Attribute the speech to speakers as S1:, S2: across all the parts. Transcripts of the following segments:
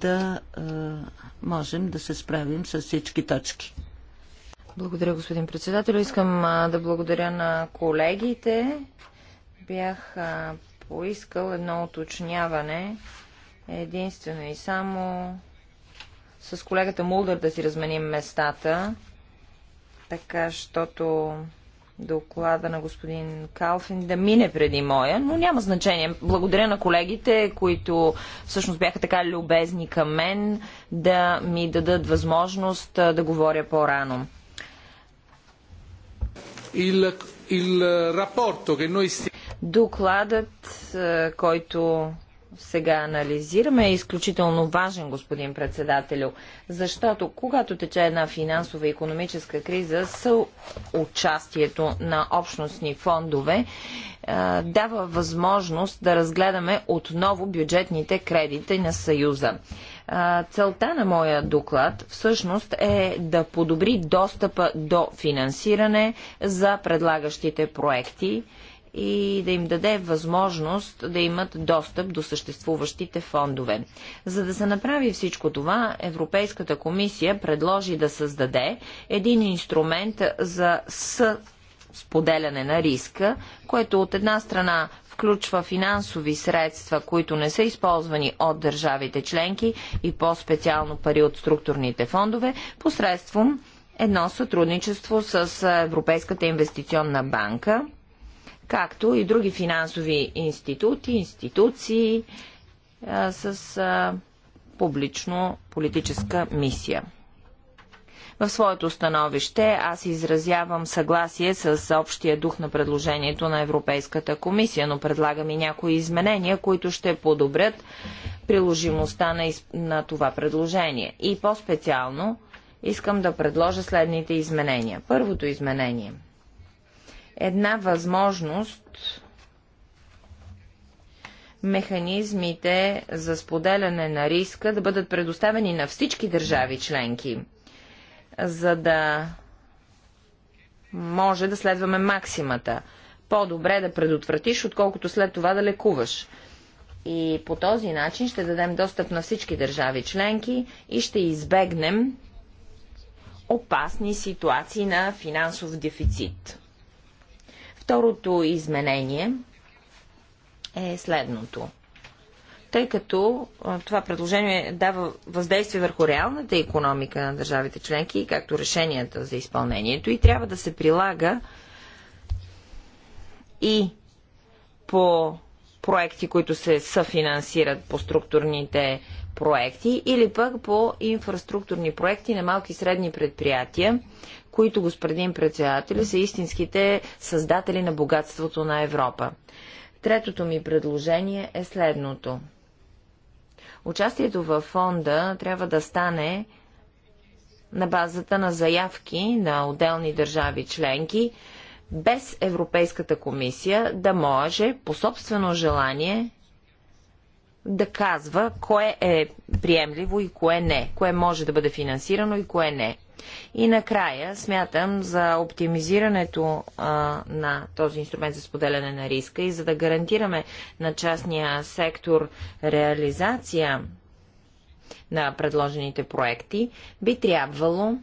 S1: да е, можем да се справим с всички точки.
S2: Благодаря, господин председател. Искам да благодаря на колегите. Бях поискал едно уточняване единствено и само с колегата Мулдър да си разменим местата, така, защото доклада на господин Калфин да мине преди моя, но няма значение. Благодаря на колегите, които всъщност бяха така любезни към мен да ми дадат възможност да говоря по-рано. Э, Докладът, който сега анализираме, е изключително важен, господин председателю, защото когато тече една финансова и економическа криза, съучастието на общностни фондове е, дава възможност да разгледаме отново бюджетните кредити на Съюза. Е, целта на моя доклад всъщност е да подобри достъпа до финансиране за предлагащите проекти и да им даде възможност да имат достъп до съществуващите фондове. За да се направи всичко това, Европейската комисия предложи да създаде един инструмент за с споделяне на риска, което от една страна включва финансови средства, които не са използвани от държавите членки и по-специално пари от структурните фондове, посредством едно сътрудничество с Европейската инвестиционна банка както и други финансови институти, институции с публично политическа мисия. В своето становище аз изразявам съгласие с общия дух на предложението на Европейската комисия, но предлагам и някои изменения, които ще подобрят приложимостта на, из... на това предложение. И по-специално искам да предложа следните изменения. Първото изменение – една възможност механизмите за споделяне на риска да бъдат предоставени на всички държави членки, за да може да следваме максимата. По-добре да предотвратиш, отколкото след това да лекуваш. И по този начин ще дадем достъп на всички държави членки и ще избегнем опасни ситуации на финансов дефицит. Второто изменение е следното. Тъй като това предложение дава въздействие върху реалната економика на държавите членки и както решенията за изпълнението и трябва да се прилага и по проекти, които се съфинансират по структурните проекти или пък по инфраструктурни проекти на малки и средни предприятия които, господин председател, са истинските създатели на богатството на Европа. Третото ми предложение е следното. Участието във фонда трябва да стане на базата на заявки на отделни държави членки, без Европейската комисия да може по собствено желание да казва кое е приемливо и кое не, кое може да бъде финансирано и кое не. И накрая смятам за оптимизирането а, на този инструмент за споделяне на риска и за да гарантираме на частния сектор реализация на предложените проекти, би трябвало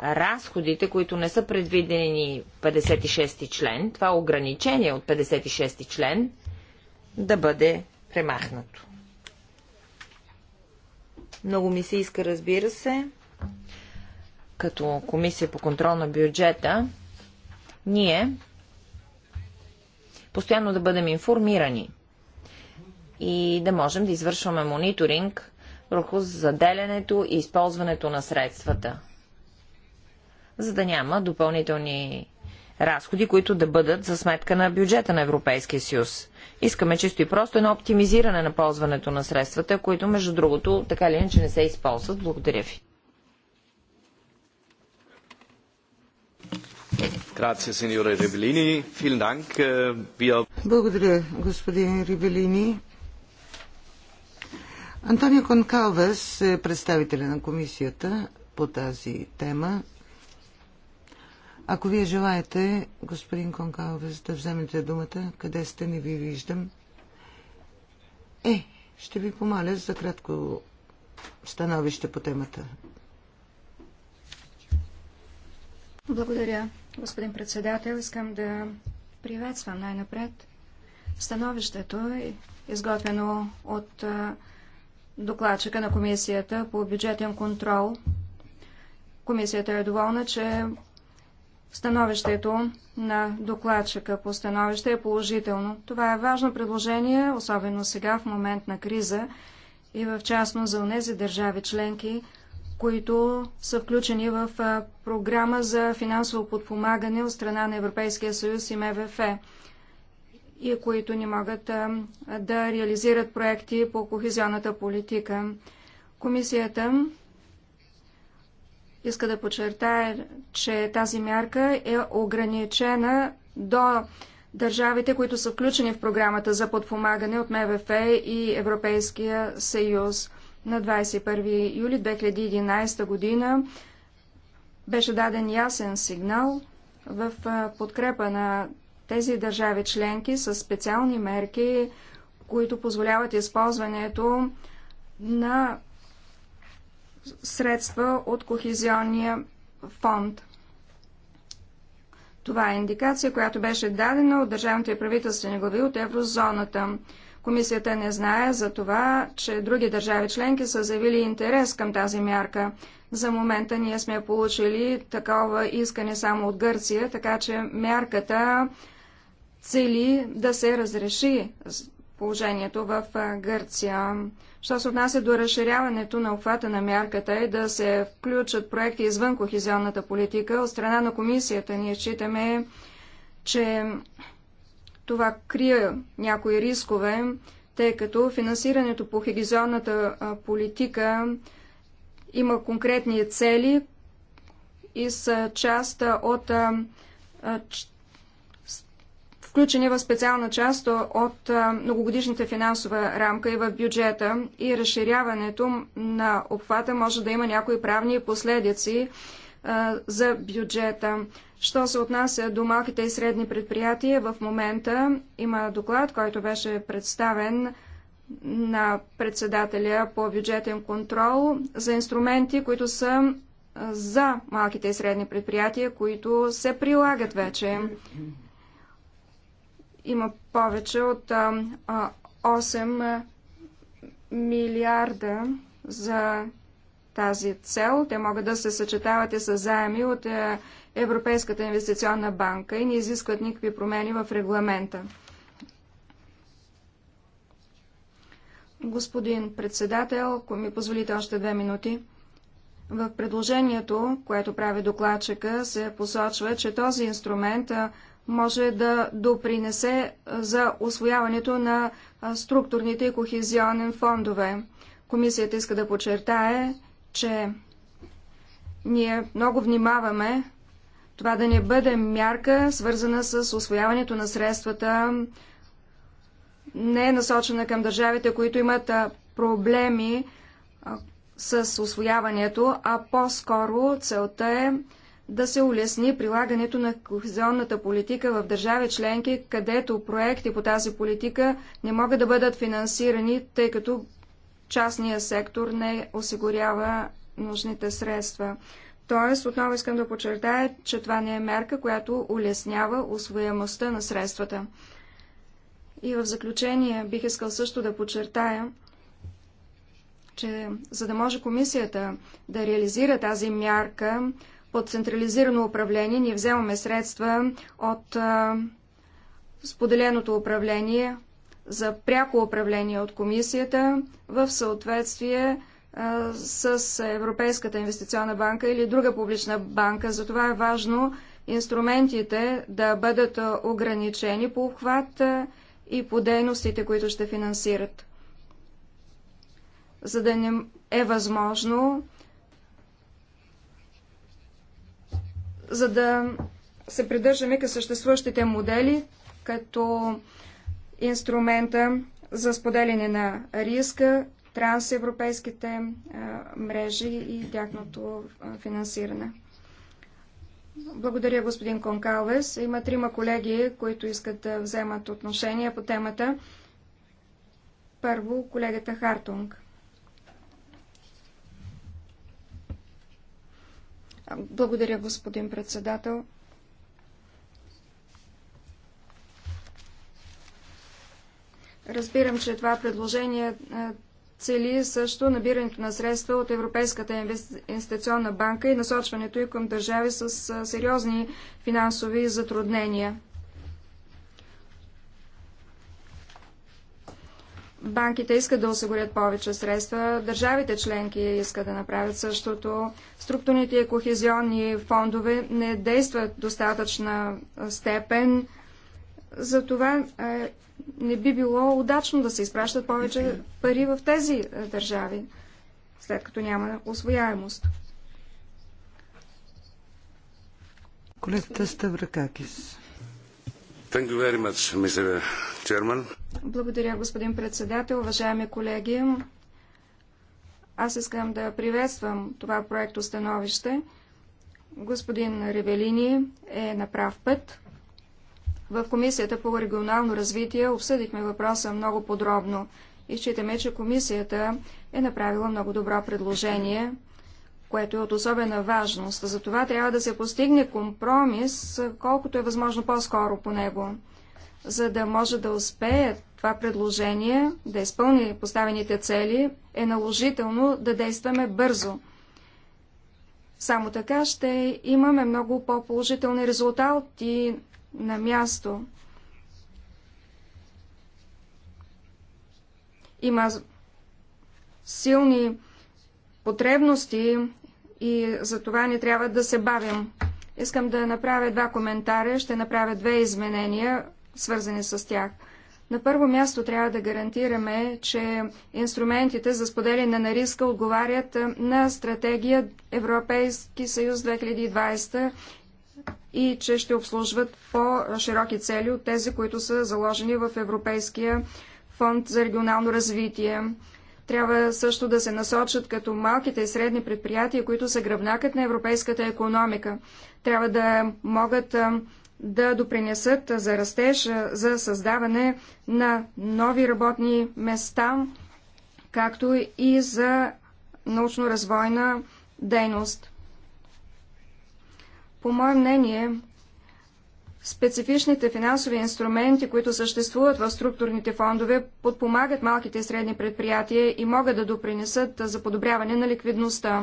S2: разходите, които не са предвидени 56 член, това ограничение от 56 член, да бъде премахнато. Много ми се иска, разбира се, като Комисия по контрол на бюджета, ние постоянно да бъдем информирани и да можем да извършваме мониторинг върху заделянето и използването на средствата, за да няма допълнителни разходи, които да бъдат за сметка на бюджета на Европейския съюз. Искаме чисто и просто едно оптимизиране на ползването на средствата, които, между другото, така или иначе не се използват. Благодаря ви.
S1: Э, Благодаря, господин Рибелини. Антонио Конкалвес е представителя на комисията по тази тема. Ако вие желаете, господин Конкалвес, да вземете думата, къде сте, не ви виждам. Е, ще ви помоля за кратко становище по темата.
S3: Благодаря, господин председател. Искам да приветствам най-напред становището, е изготвено от докладчика на Комисията по бюджетен контрол. Комисията е доволна, че Становището на докладчика по становище е положително. Това е важно предложение, особено сега в момент на криза и в частност за тези държави членки, които са включени в програма за финансово подпомагане от страна на Европейския съюз и МВФ и които не могат да реализират проекти по кохезионната политика. Комисията иска да подчертая, че тази мярка е ограничена до държавите, които са включени в програмата за подпомагане от МВФ и Европейския съюз. На 21 юли 2011 година беше даден ясен сигнал в подкрепа на тези държави членки с специални мерки, които позволяват използването на средства от Кохезионния фонд. Това е индикация, която беше дадена от държавните правителствени глави от еврозоната. Комисията не знае за това, че други държави членки са заявили интерес към тази мярка. За момента ние сме получили такова искане само от Гърция, така че мярката цели да се разреши положението в Гърция. Що се отнася до разширяването на обхвата на мярката е да се включат проекти извън кохезионната политика. От страна на комисията ние считаме, че това крие някои рискове, тъй като финансирането по хигизионната политика има конкретни цели и са част от включени в специална част от многогодишната финансова рамка и в бюджета и разширяването на обхвата може да има някои правни последици за бюджета. Що се отнася до малките и средни предприятия, в момента има доклад, който беше представен на председателя по бюджетен контрол за инструменти, които са за малките и средни предприятия, които се прилагат вече има повече от 8 милиарда за тази цел. Те могат да се съчетават и с заеми от Европейската инвестиционна банка и не изискват никакви промени в регламента. Господин председател, ако ми позволите още две минути. В предложението, което прави докладчика, се посочва, че този инструмент може да допринесе за освояването на структурните и кохезионен фондове. Комисията иска да подчертае, че ние много внимаваме това да не бъде мярка, свързана с освояването на средствата, не е насочена към държавите, които имат проблеми с освояването, а по-скоро целта е да се улесни прилагането на кохезионната политика в държави членки, където проекти по тази политика не могат да бъдат финансирани, тъй като частния сектор не осигурява нужните средства. Тоест, отново искам да подчертая, че това не е мерка, която улеснява освоемостта на средствата. И в заключение бих искал също да подчертая, че за да може комисията да реализира тази мярка, под централизирано управление ние вземаме средства от а, споделеното управление за пряко управление от комисията в съответствие а, с Европейската инвестиционна банка или друга публична банка. Затова е важно инструментите да бъдат ограничени по обхват и по дейностите, които ще финансират. За да не е възможно за да се придържаме към съществуващите модели, като инструмента за споделяне на риска, трансевропейските мрежи и тяхното финансиране. Благодаря, господин Конкалвес. Има трима колеги, които искат да вземат отношение по темата. Първо, колегата Хартунг. Благодаря, господин председател. Разбирам, че това предложение е, цели също набирането на средства от Европейската инвестиционна банка и насочването и към държави с е, сериозни финансови затруднения. банките искат да осигурят повече средства, държавите членки искат да направят същото, структурните и кохезионни фондове не действат достатъчна степен, затова е, не би било удачно да се изпращат повече пари в тези държави, след като няма освояемост.
S1: Колегата Ставракакис. Much,
S3: Благодаря, господин председател. Уважаеми колеги, аз искам да приветствам това проекто становище. Господин Ревелини е на прав път. В Комисията по регионално развитие обсъдихме въпроса много подробно и считаме, че Комисията е направила много добро предложение което е от особена важност. За това трябва да се постигне компромис, колкото е възможно по-скоро по него, за да може да успее това предложение да изпълни поставените цели, е наложително да действаме бързо. Само така ще имаме много по-положителни резултати на място. Има силни потребности и за това не трябва да се бавим. Искам да направя два коментаря, ще направя две изменения, свързани с тях. На първо място трябва да гарантираме, че инструментите за споделяне на риска отговарят на стратегия Европейски съюз 2020 и че ще обслужват по-широки цели от тези, които са заложени в Европейския фонд за регионално развитие. Трябва също да се насочат като малките и средни предприятия, които са гръбнакът на европейската економика. Трябва да могат да допринесат за растеж, за създаване на нови работни места, както и за научно-развойна дейност. По мое мнение, Специфичните финансови инструменти, които съществуват в структурните фондове, подпомагат малките и средни предприятия и могат да допринесат за подобряване на ликвидността.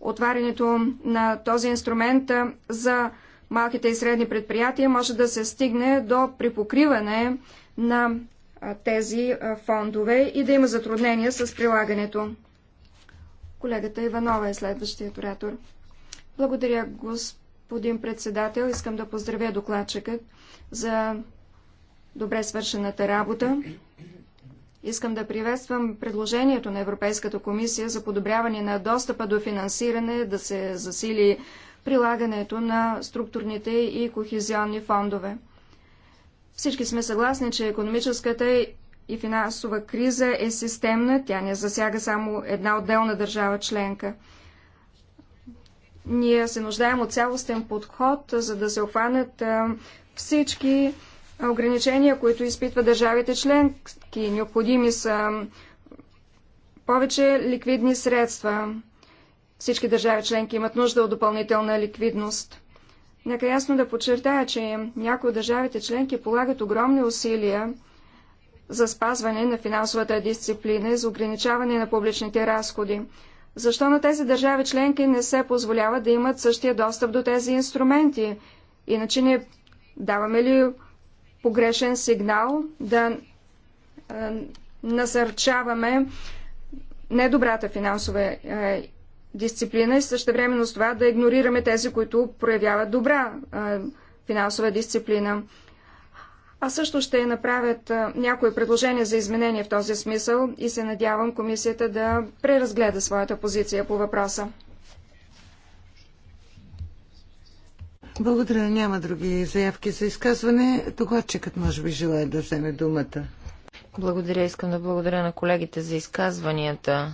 S3: Отварянето на този инструмент за малките и средни предприятия може да се стигне до припокриване на тези фондове и да има затруднения с прилагането. Колегата Иванова е следващият оратор. Благодаря, господин Господин председател, искам да поздравя докладчика за добре свършената работа. Искам да приветствам предложението на Европейската комисия за подобряване на достъпа до финансиране, да се засили прилагането на структурните и кохезионни фондове. Всички сме съгласни, че економическата и финансова криза е системна, тя не засяга само една отделна държава членка. Ние се нуждаем от цялостен подход, за да се охванат всички ограничения, които изпитват държавите членки. Необходими са повече ликвидни средства. Всички държави членки имат нужда от допълнителна ликвидност. Нека ясно да подчертая, че някои от държавите членки полагат огромни усилия за спазване на финансовата дисциплина и за ограничаване на публичните разходи. Защо на тези държави членки не се позволява да имат същия достъп до тези инструменти? Иначе не даваме ли погрешен сигнал да е, насърчаваме недобрата финансова е, дисциплина и също времено с това да игнорираме тези, които проявяват добра е, финансова дисциплина. Аз също ще направят някои предложения за изменение в този смисъл и се надявам комисията да преразгледа своята позиция по въпроса.
S1: Благодаря. Няма други заявки за изказване. Докладчикът може би желая да вземе думата.
S2: Благодаря. Искам да благодаря на колегите за изказванията.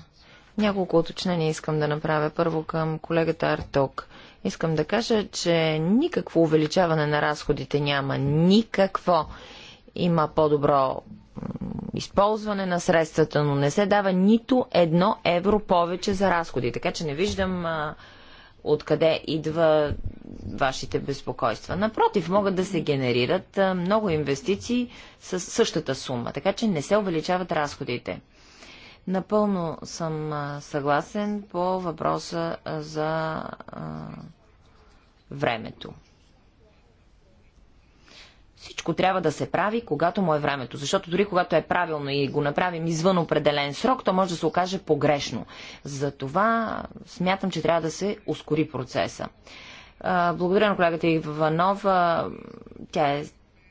S2: Няколко уточнения искам да направя. Първо към колегата Арток. Искам да кажа, че никакво увеличаване на разходите няма. Никакво. Има по-добро използване на средствата, но не се дава нито едно евро повече за разходи. Така че не виждам а, откъде идва вашите безпокойства. Напротив, могат да се генерират а, много инвестиции с същата сума, така че не се увеличават разходите. Напълно съм съгласен по въпроса за а, времето. Всичко трябва да се прави, когато му е времето. Защото дори когато е правилно и го направим извън определен срок, то може да се окаже погрешно. Затова смятам, че трябва да се ускори процеса. благодаря на колегата Иванова. Тя е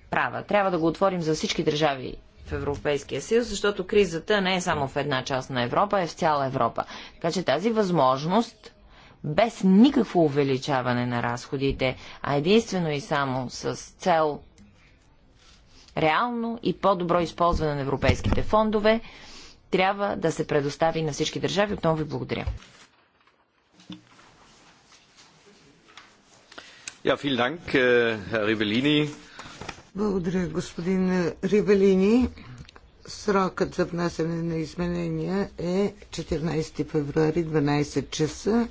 S2: права. Трябва да го отворим за всички държави в Европейския съюз, защото кризата не е само в една част на Европа, е в цяла Европа. Така че тази възможност без никакво увеличаване на разходите, а единствено и само с цел реално и по-добро използване на европейските фондове, трябва да се предостави на всички държави. Отново ви благодаря.
S1: Ja, vielen Dank, äh, Herr Rivellini. Благодаря, господин Ривелини. Срокът за внасяне на изменения е 14 февруари 12 часа.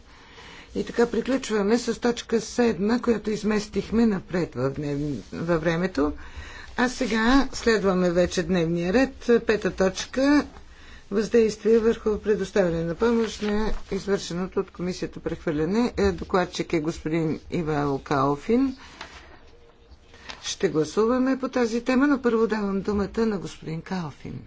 S1: И така приключваме с точка 7, която изместихме напред днев... във времето. А сега следваме вече дневния ред. Пета точка въздействие върху предоставяне на помощ на извършеното от комисията прехвърляне. Е, докладчик е господин Ивайло Калфин. Ще гласуваме по тази тема, но първо давам думата на господин Калфин.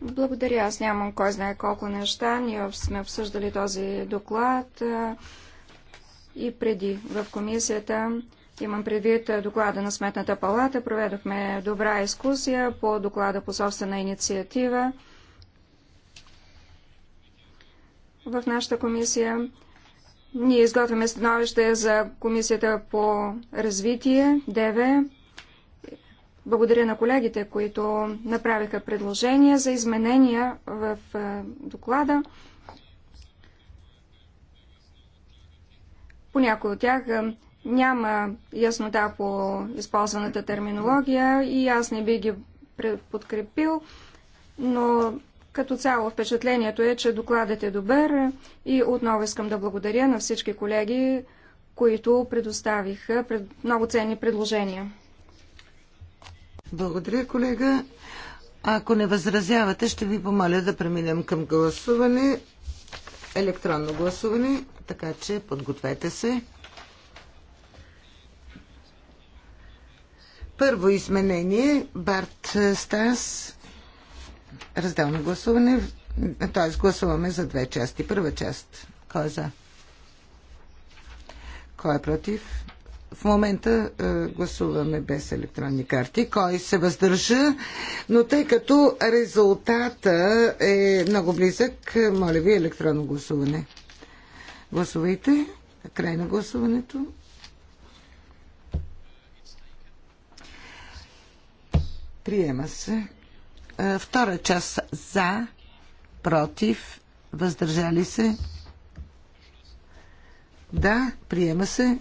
S3: Благодаря. Аз нямам кой знае колко неща. Ние сме обсъждали този доклад и преди в комисията. Имам предвид доклада на Сметната палата. Проведохме добра изкусия по доклада по собствена инициатива. В нашата комисия ние изготвяме становище за Комисията по развитие, ДВ. Благодаря на колегите, които направиха предложения за изменения в доклада. По някои от тях няма яснота по използваната терминология и аз не би ги подкрепил, но като цяло впечатлението е, че докладът е добър и отново искам да благодаря на всички колеги, които предоставиха пред... много ценни предложения.
S1: Благодаря, колега. Ако не възразявате, ще ви помоля да преминем към гласуване, електронно гласуване, така че подгответе се. Първо изменение Барт Стас разделно гласуване, т.е. гласуваме за две части. Първа част. Кой е за? Кой е против? В момента е, гласуваме без електронни карти. Кой се въздържа? Но тъй като резултата е много близък, моля ви електронно гласуване. Гласувайте. Край на гласуването. Приема се. Втора част за, против, въздържали се. Да, приема се.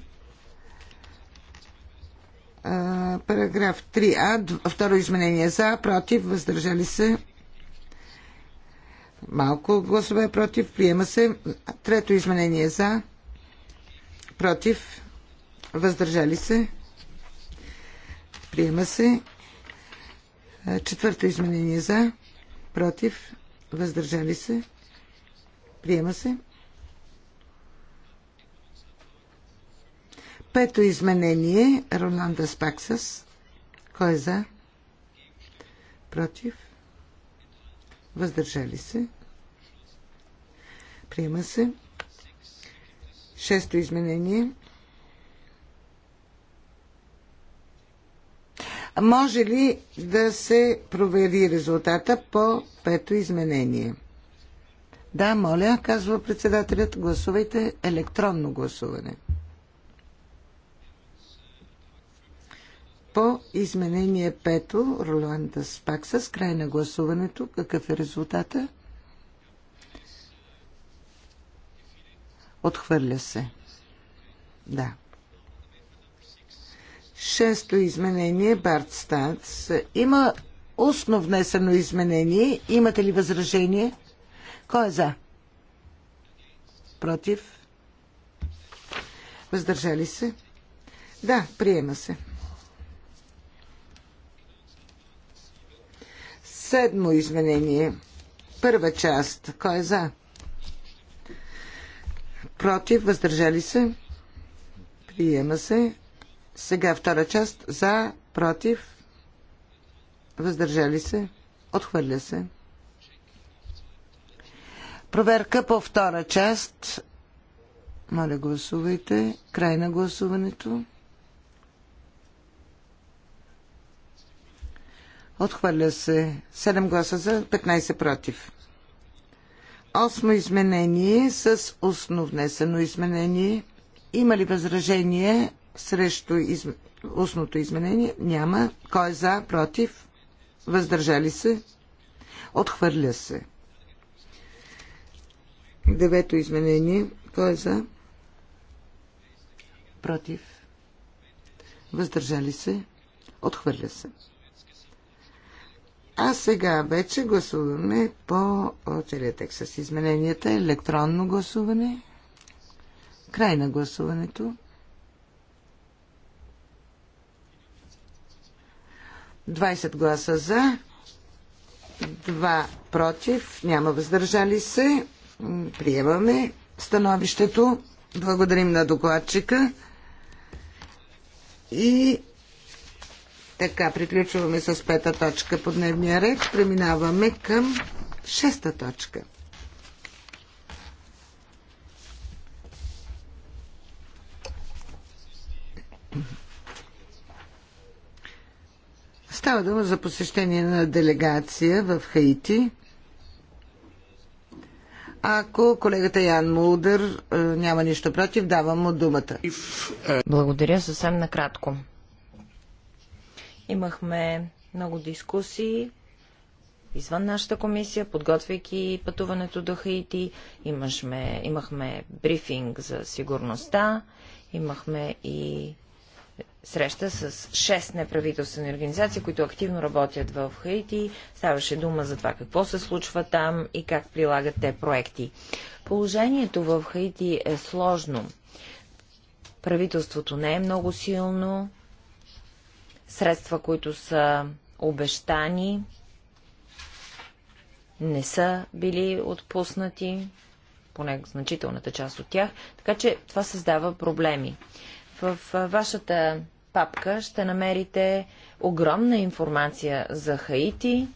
S1: параграф 3а, второ изменение за, против, въздържали се. Малко гласове против, приема се. Трето изменение за, против, въздържали се. Приема се. Четвърто изменение за, против, въздържали се, приема се. Пето изменение, Роланда Спаксас. Кой е за? Против? Въздържали се? Приема се. Шесто изменение. Може ли да се провери резултата по пето изменение? Да, моля, казва председателят, гласувайте електронно гласуване. По изменение пето, Роланда Спакса, с край на гласуването, какъв е резултата? Отхвърля се. Да. Шесто изменение, Барт Станц. Има устно внесено изменение. Имате ли възражение? Кой е за? Против? Въздържали се? Да, приема се. Седмо изменение. Първа част. Кой е за? Против? Въздържали се? Приема се. Сега втора част. За, против, въздържали се, отхвърля се. Проверка по втора част. Моля, гласувайте. Край на гласуването. Отхвърля се 7 гласа за, 15 против. Осмо изменение с основнесено изменение. Има ли възражение срещу из... устното изменение? Няма. Кой е за? Против? Въздържали се? Отхвърля се. Девето изменение. Кой е за? Против? Въздържали се? Отхвърля се. А сега вече гласуваме по целият текст с измененията. Електронно гласуване. Край на гласуването. 20 гласа за, 2 против, няма въздържали се. Приемаме становището. Благодарим на докладчика. И така, приключваме с пета точка по дневния ред. Преминаваме към шеста точка. Става дума за посещение на делегация в Хаити. Ако колегата Ян Мулдър е, няма нищо против, давам му думата.
S2: Благодаря съвсем накратко. Имахме много дискусии извън нашата комисия, подготвяйки пътуването до Хаити. имахме брифинг за сигурността, имахме и среща с 6 неправителствени организации, които активно работят в Хаити. Ставаше дума за това какво се случва там и как прилагат те проекти. Положението в Хаити е сложно. Правителството не е много силно. Средства, които са обещани, не са били отпуснати, поне значителната част от тях, така че това създава проблеми. В вашата папка ще намерите огромна информация за Хаити.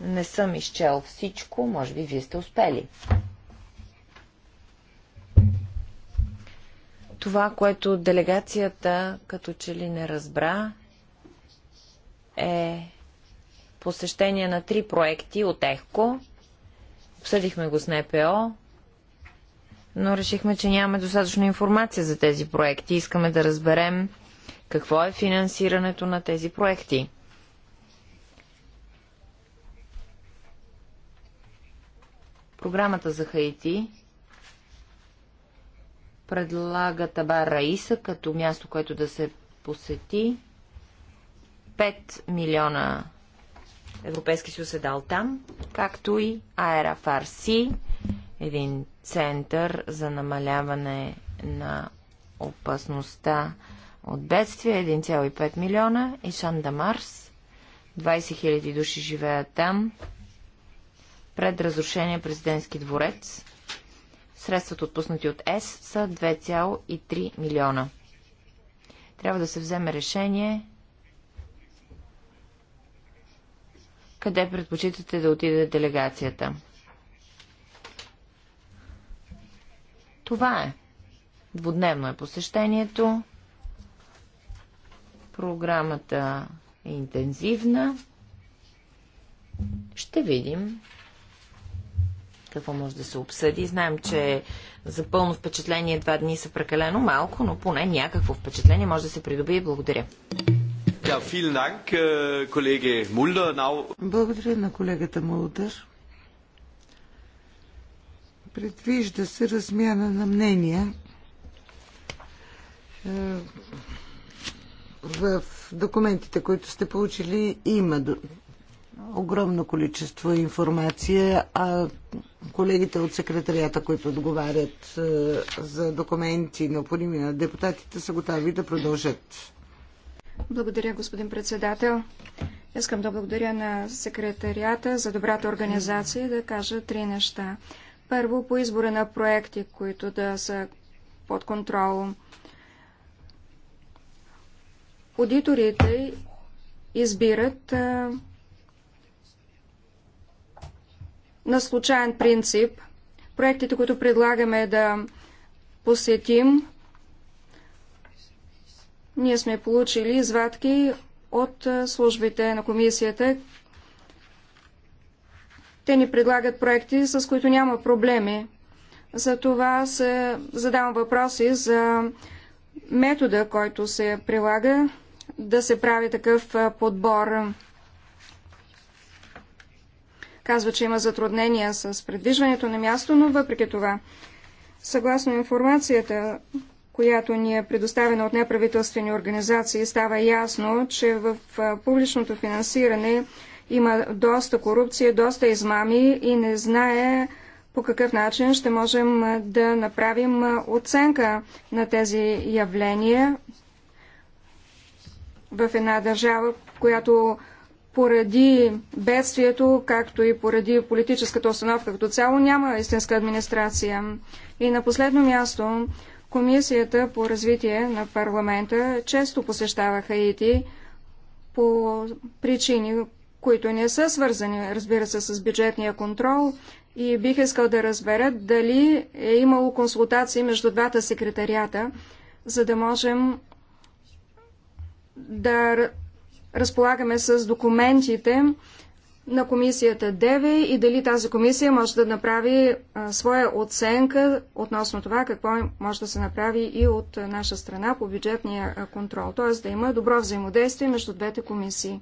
S2: Не съм изчел всичко, може би вие сте успели. Това, което делегацията като че ли не разбра, е посещение на три проекти от ЕХКО. Обсъдихме го с НПО, но решихме, че нямаме достатъчно информация за тези проекти. Искаме да разберем какво е финансирането на тези проекти. Програмата за Хаити предлага Табар Раиса като място, което да се посети. 5 милиона Европейски съюз е дал там, както и Аера Фарси един център за намаляване на опасността от бедствия 1,5 милиона и Шан да Марс. 20 000 души живеят там. Пред разрушения президентски дворец. Средствата отпуснати от ЕС са 2,3 милиона. Трябва да се вземе решение къде предпочитате да отиде делегацията. Това е. Двудневно е посещението. Програмата е интензивна. Ще видим какво може да се обсъди. Знаем, че за пълно впечатление два дни са прекалено малко, но поне някакво впечатление може да се придобие. Благодаря. Äh, Благодаря на колегата Мулдър.
S1: Предвижда се размяна на мнения е, в документите, които сте получили, има огромно количество информация, а колегите от секретарията, които отговарят е, за документи, необходими на депутатите, са готови да продължат.
S3: Благодаря, господин председател. Искам да благодаря на секретарията за добрата организация и да кажа три неща. Първо по избора на проекти, които да са под контрол. Аудиторите избират а, на случайен принцип. Проектите, които предлагаме да посетим, ние сме получили извадки от службите на комисията, те ни предлагат проекти, с които няма проблеми. За това се задавам въпроси за метода, който се прилага да се прави такъв подбор. Казва, че има затруднения с предвижването на място, но въпреки това, съгласно информацията, която ни е предоставена от неправителствени организации, става ясно, че в публичното финансиране има доста корупция, доста измами и не знае по какъв начин ще можем да направим оценка на тези явления в една държава, която поради бедствието, както и поради политическата установка като цяло, няма истинска администрация. И на последно място, Комисията по развитие на парламента често посещава Хаити по причини, които не са свързани, разбира се, с бюджетния контрол. И бих искал да разбера дали е имало консултации между двата секретарията, за да можем да разполагаме с документите на комисията ДЕВЕ и дали тази комисия може да направи своя оценка относно това какво може да се направи и от наша страна по бюджетния контрол, т.е. да има добро взаимодействие между двете комисии.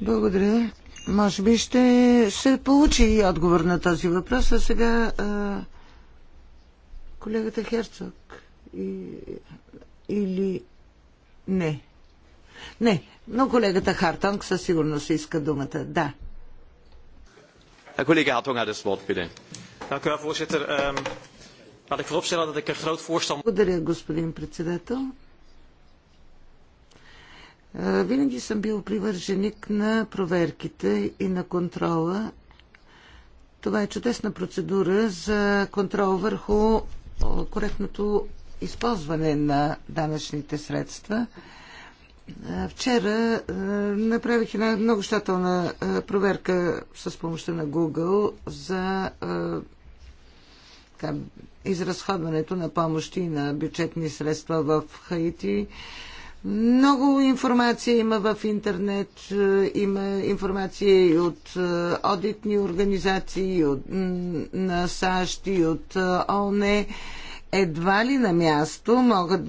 S1: Благодаря. Може би ще се получи и отговор на този въпрос, а сега а, колегата Херцог и, или не. Не, но колегата Хартанг със сигурност иска думата. Да. Колега Хартанг, аде слот, биде. Dank u wel, ehm, laat ik
S3: vooropstellen dat ik een groot voorstander...
S1: Благодаря, господин председател. Е, винаги съм бил привърженик на проверките и на контрола. Това е чудесна процедура за контрол върху коректното използване на данъчните средства. Е, вчера е, направих една много щателна проверка с помощта на Google за изразходването на помощи на бюджетни средства в Хаити. Много информация има в интернет, е, има информация и от е, одитни организации, и от, на САЩ, и от е, ООН. Едва ли на място могат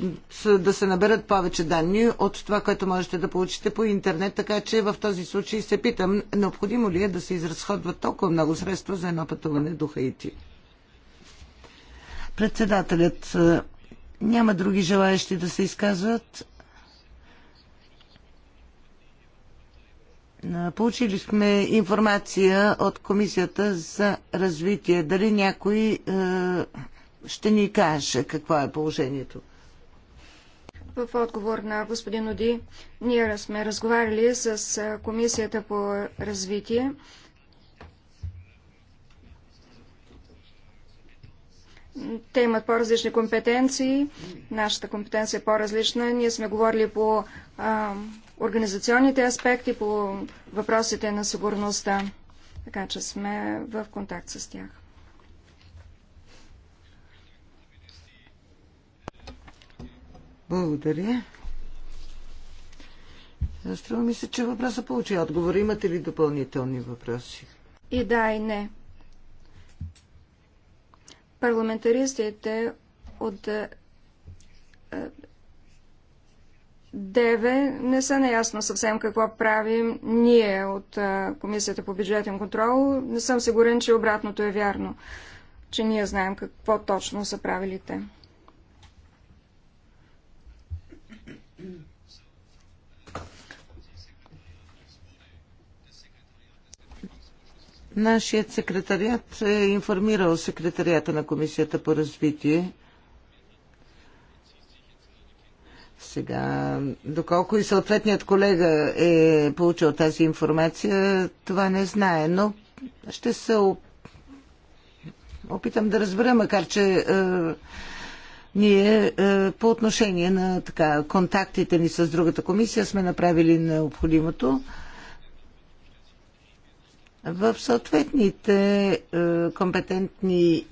S1: да се наберат повече данни от това, което можете да получите по интернет, така че в този случай се питам, необходимо ли е да се изразходват толкова много средства за едно пътуване до Хаити? Председателят няма други желаящи да се изказват. Получили сме информация от Комисията за развитие. Дали някой е, ще ни каже какво е положението?
S3: В отговор на господин Оди, ние сме разговаряли с Комисията по развитие. Те имат по-различни компетенции, нашата компетенция е по-различна. Ние сме говорили по а, организационните аспекти, по въпросите на сигурността. Така че сме в контакт с тях. Благодаря.
S1: Струва ми се, че въпроса получи отговор. Имате ли допълнителни въпроси?
S3: И да, и не. Парламентаристите от Деве, не са наясно съвсем какво правим ние от Комисията по бюджетен контрол. Не съм сигурен, че обратното е вярно, че ние знаем какво точно са правили те.
S1: Нашият секретариат е информирал секретарията на Комисията по развитие Сега, доколко и съответният колега е получил тази информация, това не знае, но ще се опитам да разбера, макар че е, ние е, по отношение на така, контактите ни с другата комисия сме направили необходимото в съответните е, компетентни е,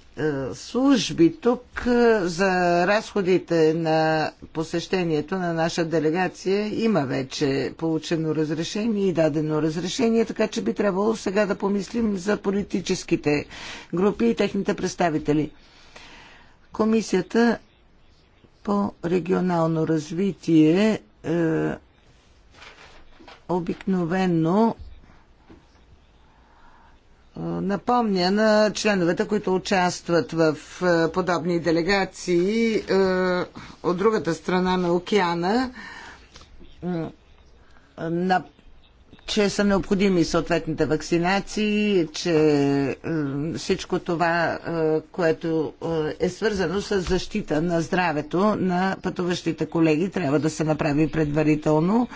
S1: служби тук е, за разходите на посещението на наша делегация има вече получено разрешение и дадено разрешение, така че би трябвало сега да помислим за политическите групи и техните представители. Комисията по регионално развитие е, обикновено напомня на членовете, които участват в е, подобни делегации е, от другата страна на океана, че са необходими съответните вакцинации, че е, всичко това, което е свързано с защита на здравето на пътуващите колеги, трябва да се направи предварително.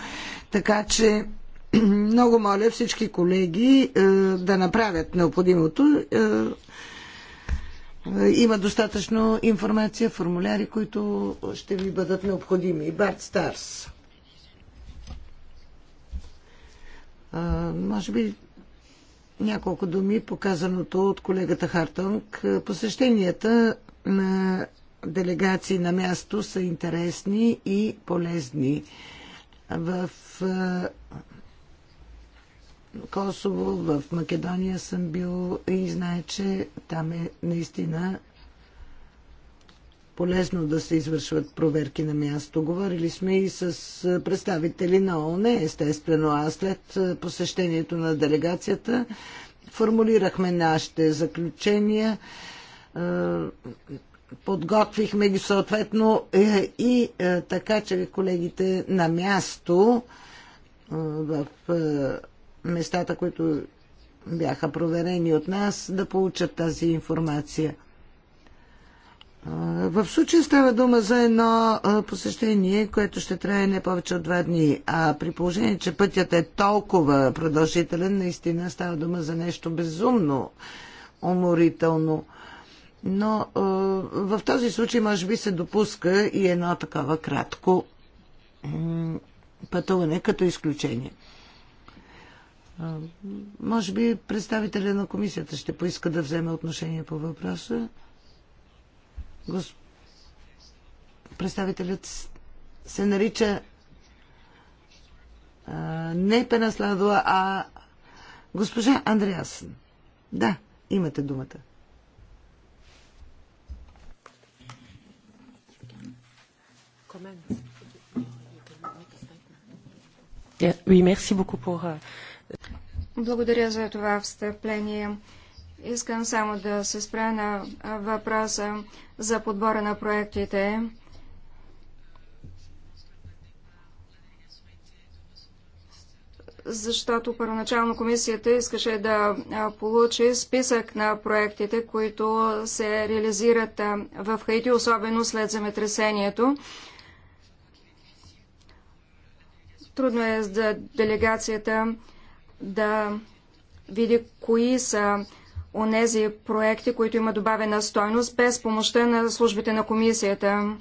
S1: Така че Много моля всички колеги е, да направят необходимото. Е, е, има достатъчно информация, формуляри, които ще ви бъдат необходими. Барт Старс. Може би няколко думи показаното от колегата Хартонг. Посещенията на делегации на място са интересни и полезни. В Косово, в Македония съм бил и знае, че там е наистина полезно да се извършват проверки на място. Говорили сме и с представители на ОНЕ естествено, а след посещението на делегацията формулирахме нашите заключения, е, подготвихме ги съответно е, и е, така, че колегите на място в местата, които бяха проверени от нас, да получат тази информация. В случая става дума за едно посещение, което ще трае не повече от два дни. А при положение, че пътят е толкова продължителен, наистина става дума за нещо безумно уморително. Но в този случай може би се допуска и едно такова кратко пътуване като изключение. Може би представителя на комисията ще поиска да вземе отношение по въпроса. Представителят се нарича а, не Пенасладова, а госпожа Андреасен. Да, имате думата. Yeah, oui, merci beaucoup pour euh,
S3: благодаря за това встъпление. Искам само да се спра на въпроса за подбора на проектите. Защото първоначално комисията искаше да получи списък на проектите, които се реализират в Хаити, особено след земетресението. Трудно е за делегацията да види кои са онези проекти, които има добавена стойност без помощта на службите на комисията.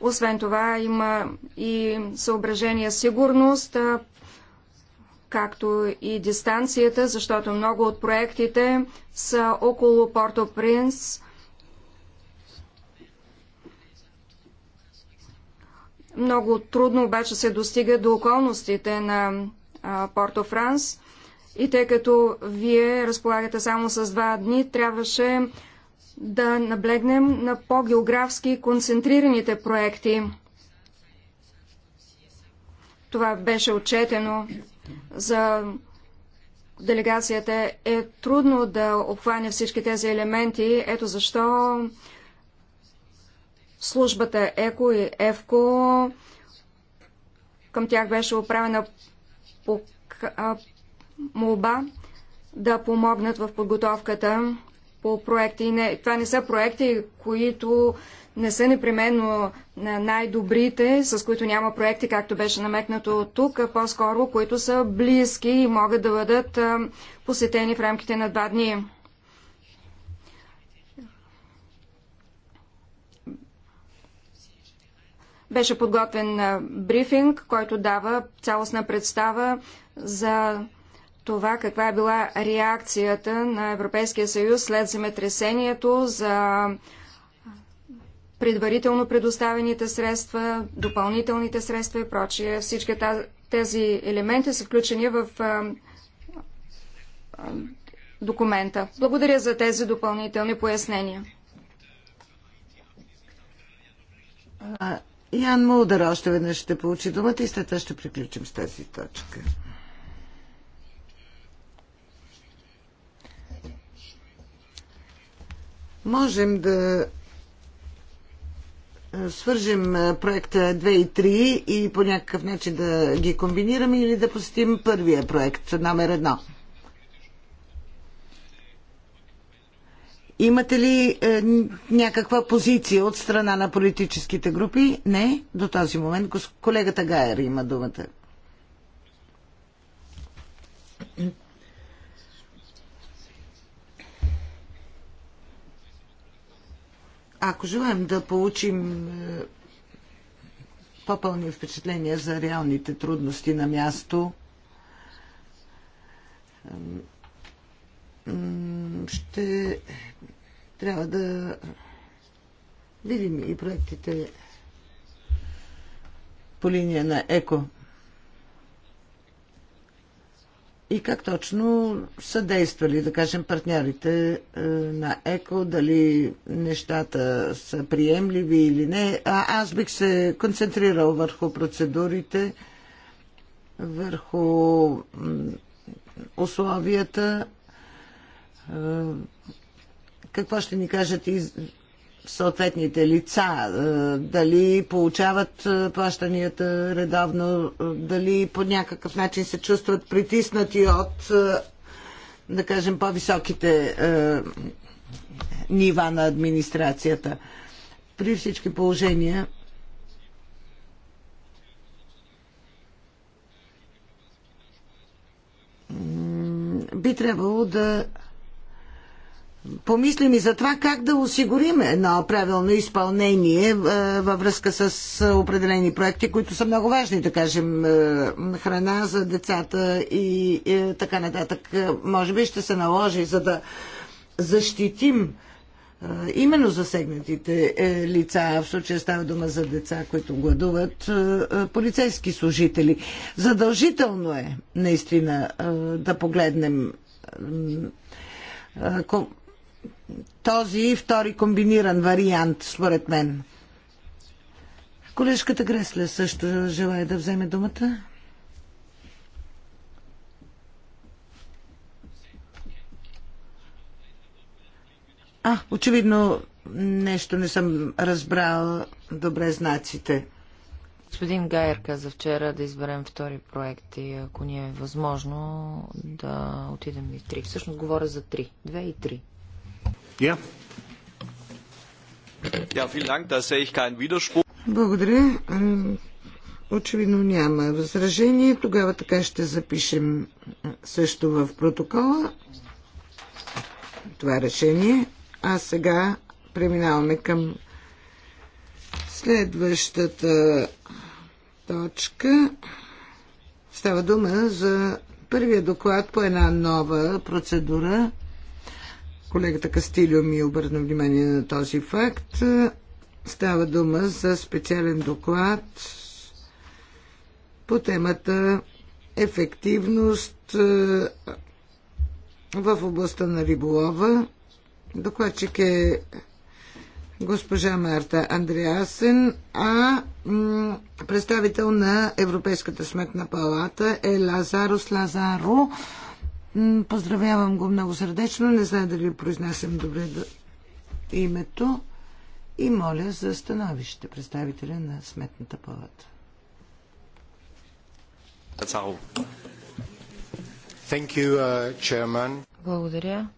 S3: Освен това има и съображения сигурност, както и дистанцията, защото много от проектите са около Порто Принс. Много трудно обаче се достига до околностите на Порто Франс. И тъй като вие разполагате само с два дни, трябваше да наблегнем на по-географски концентрираните проекти. Това беше отчетено за делегацията. Е трудно да обхване всички тези елементи. Ето защо службата ЕКО и ЕВКО към тях беше оправена молба да помогнат в подготовката по проекти. Не, това не са проекти, които не са непременно най-добрите, с които няма проекти, както беше намекнато тук, а по-скоро, които са близки и могат да бъдат посетени в рамките на два дни. Беше подготвен брифинг, който дава цялостна представа за това каква е била реакцията на Европейския съюз след земетресението за предварително предоставените средства, допълнителните средства и прочие. Всички тези елементи са включени в документа. Благодаря за тези допълнителни пояснения.
S1: Ян Мулдър още веднъж ще получи думата и след това ще приключим с тази точка. можем да е, свържем е, проекта 2 и 3 и по някакъв начин да ги комбинираме или да посетим първия проект, номер 1. Имате ли е, някаква позиция от страна на политическите групи? Не, до този момент колегата Гайер има думата. Ако желаем да получим е, по-пълни впечатления за реалните трудности на място, ще трябва да видим и проектите по линия на ЕКО. и как точно са действали, да кажем, партньорите е, на ЕКО, дали нещата са приемливи или не. А аз бих се концентрирал върху процедурите, върху условията, е, какво ще ни кажат и съответните лица, е, дали получават е, плащанията редовно, е, дали по някакъв начин се чувстват притиснати от, да кажем, по-високите нива на администрацията. При всички положения би трябвало да помислим и за това как да осигурим едно правилно изпълнение е, във връзка с е, определени проекти, които са много важни, да кажем е, храна за децата и така нататък. Може би ще се наложи, за да защитим именно засегнатите лица, в случая става дума за деца, които гладуват, полицейски служители. Задължително е наистина да погледнем този втори комбиниран вариант, според мен. Колежката Гресле също желая да вземе думата. А, очевидно нещо не съм разбрал
S2: добре знаците. Господин Гайер каза вчера да изберем втори проект и ако ни е възможно да отидем и в три. Всъщност говоря за три. Две и три.
S1: Благодаря. Очевидно няма възражение. Тогава така ще запишем също в протокола това решение. А сега преминаваме към следващата точка. Става дума за първия доклад по една нова процедура Колегата Кастилио ми обърна внимание на този факт. Става дума за специален доклад по темата ефективност е, в областта на риболова. Докладчик е госпожа Марта Андреасен, а представител на Европейската сметна палата е Лазарос Лазаро Поздравявам го много сърдечно. Не знае дали произнасям добре името. И моля за становище представителя на Сметната палата.
S2: Uh, Благодаря.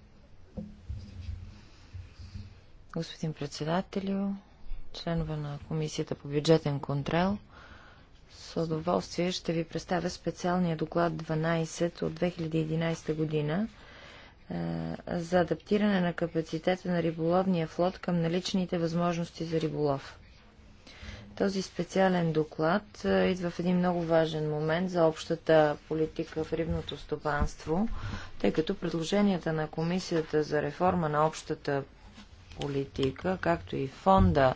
S2: Господин председателю, членове на Комисията по бюджетен контрол, с удоволствие ще ви представя специалния доклад 12 от 2011 година е, за адаптиране на капацитета на риболовния флот към наличните възможности за риболов. Този специален доклад е, идва в един много важен момент за общата политика в рибното стопанство, тъй като предложенията на Комисията за реформа на общата политика, както и фонда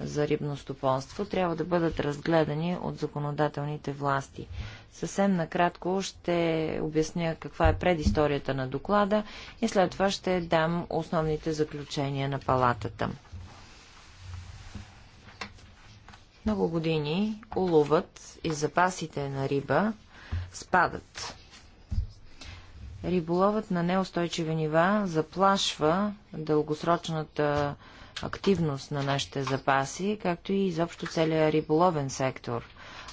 S2: за рибно стопонство трябва да бъдат разгледани от законодателните власти. Съвсем накратко ще обясня каква е предисторията на доклада и след това ще дам основните заключения на палатата. Много години уловът и запасите на риба спадат. Риболовът на неустойчиви нива заплашва дългосрочната активност на нашите запаси, както и изобщо целия риболовен сектор.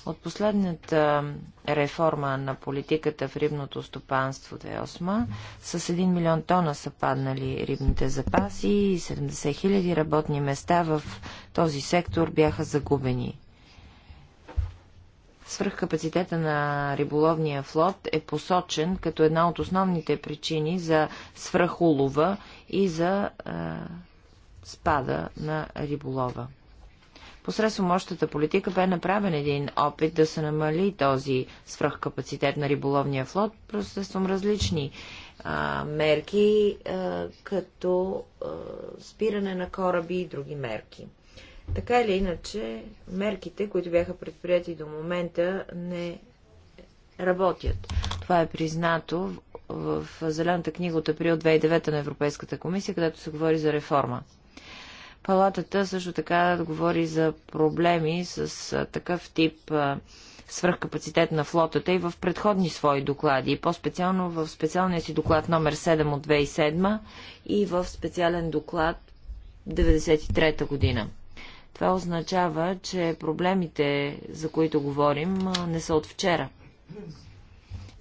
S2: От последната реформа на политиката в рибното стопанство 2008 с 1 милион тона са паднали рибните запаси и 70 хиляди работни места в този сектор бяха загубени. Свръхкапацитета на риболовния флот е посочен като една от основните причини за свръхулова и за спада на риболова. Посредством общата политика бе направен един опит да се намали този свръхкапацитет на риболовния флот посредством различни а, мерки, а, като а, спиране на кораби и други мерки. Така или иначе, мерките, които бяха предприяти до момента, не работят. Това е признато в Зелената книга от април 2009 на Европейската комисия, където се говори за реформа. Палатата също така говори за проблеми с такъв тип свръхкапацитет на флотата и в предходни свои доклади, по-специално в специалния си доклад номер 7 от 2007 и в специален доклад 1993 година. Това означава, че проблемите, за които говорим, не са от вчера.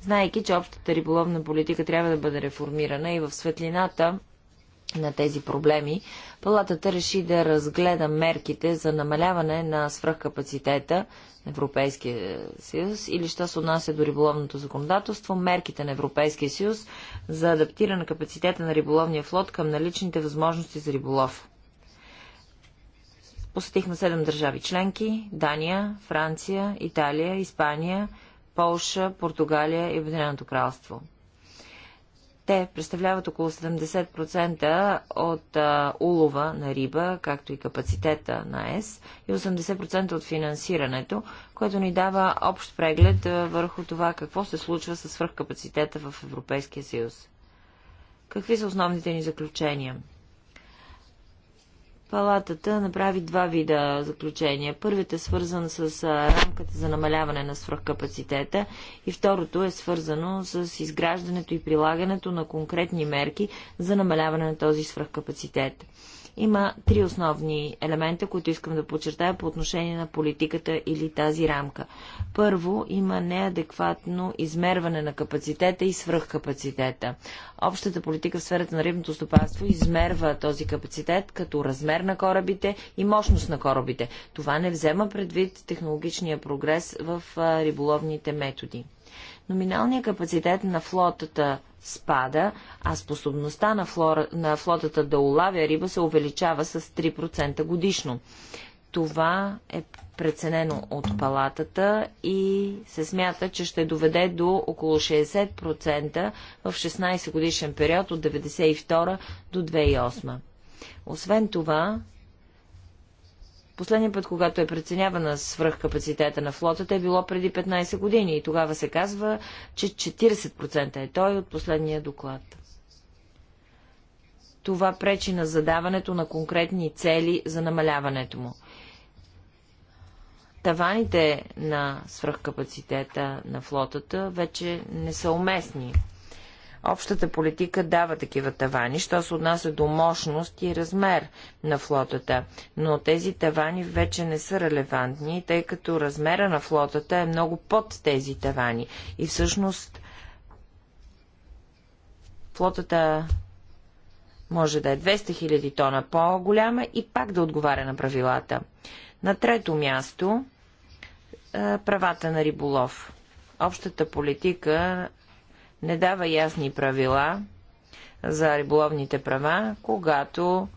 S2: Знайки, че общата риболовна политика трябва да бъде реформирана и в светлината на тези проблеми, палатата реши да разгледа мерките за намаляване на свръхкапацитета на Европейския съюз или, що се отнася до риболовното законодателство, мерките на Европейския съюз за адаптиране капацитета на риболовния флот към наличните възможности за риболов. Посетихме седем държави членки – Дания, Франция, Италия, Испания, Полша, Португалия и Обединеното кралство. Те представляват около 70% от а, улова на риба, както и капацитета на ЕС и 80% от финансирането, което ни дава общ преглед а, върху това какво се случва с свръхкапацитета в Европейския съюз. Какви са основните ни заключения? Палатата направи два вида заключения. Първият е свързан с рамката за намаляване на свръхкапацитета и второто е свързано с изграждането и прилагането на конкретни мерки за намаляване на този свръхкапацитет. Има три основни елемента, които искам да подчертая по отношение на политиката или тази рамка. Първо, има неадекватно измерване на капацитета и свръхкапацитета. Общата политика в сферата на рибното стопанство измерва този капацитет като размер на корабите и мощност на корабите. Това не взема предвид технологичния прогрес в риболовните методи. Номиналният капацитет на флотата спада, а способността на, флор... на флотата да улавя риба се увеличава с 3% годишно. Това е преценено от палатата и се смята, че ще доведе до около 60% в 16 годишен период от 1992 до 2008. Освен това, Последният път, когато е преценявана свръхкапацитета на флотата, е било преди 15 години и тогава се казва, че 40% е той от последния доклад. Това пречи на задаването на конкретни цели за намаляването му. Таваните на свръхкапацитета на флотата вече не са уместни Общата политика дава такива тавани, що се отнася до мощност и размер на флотата, но тези тавани вече не са релевантни, тъй като размера на флотата е много под тези тавани. И всъщност флотата може да е 200 000 тона по-голяма и пак да отговаря на правилата. На трето място е, правата на риболов. Общата политика не дава ясни правила за риболовните права, когато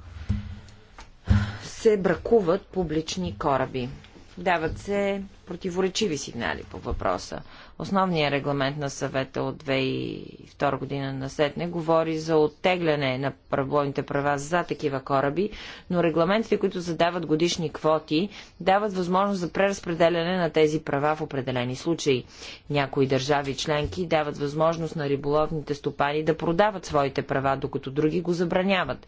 S2: се бракуват публични кораби. Дават се противоречиви сигнали по въпроса. Основният регламент на съвета от 2002 година на сетне говори за оттегляне на правоните права за такива кораби, но регламентите, които задават годишни квоти, дават възможност за преразпределяне на тези права в определени случаи. Някои държави членки дават възможност на риболовните стопани да продават своите права, докато други го забраняват.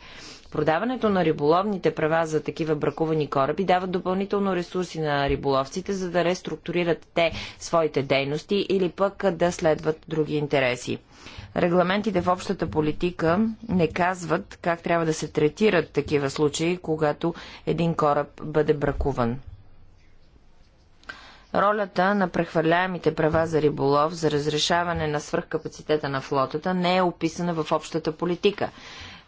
S2: Продаването на риболовните права за такива бракувани кораби дава допълнително ресурси на риболовците, за да реструктурират те своите дейности или пък да следват други интереси. Регламентите в общата политика не казват как трябва да се третират такива случаи, когато един кораб бъде бракуван. Ролята на прехвърляемите права за риболов за разрешаване на свръхкапацитета на флотата не е описана в общата политика.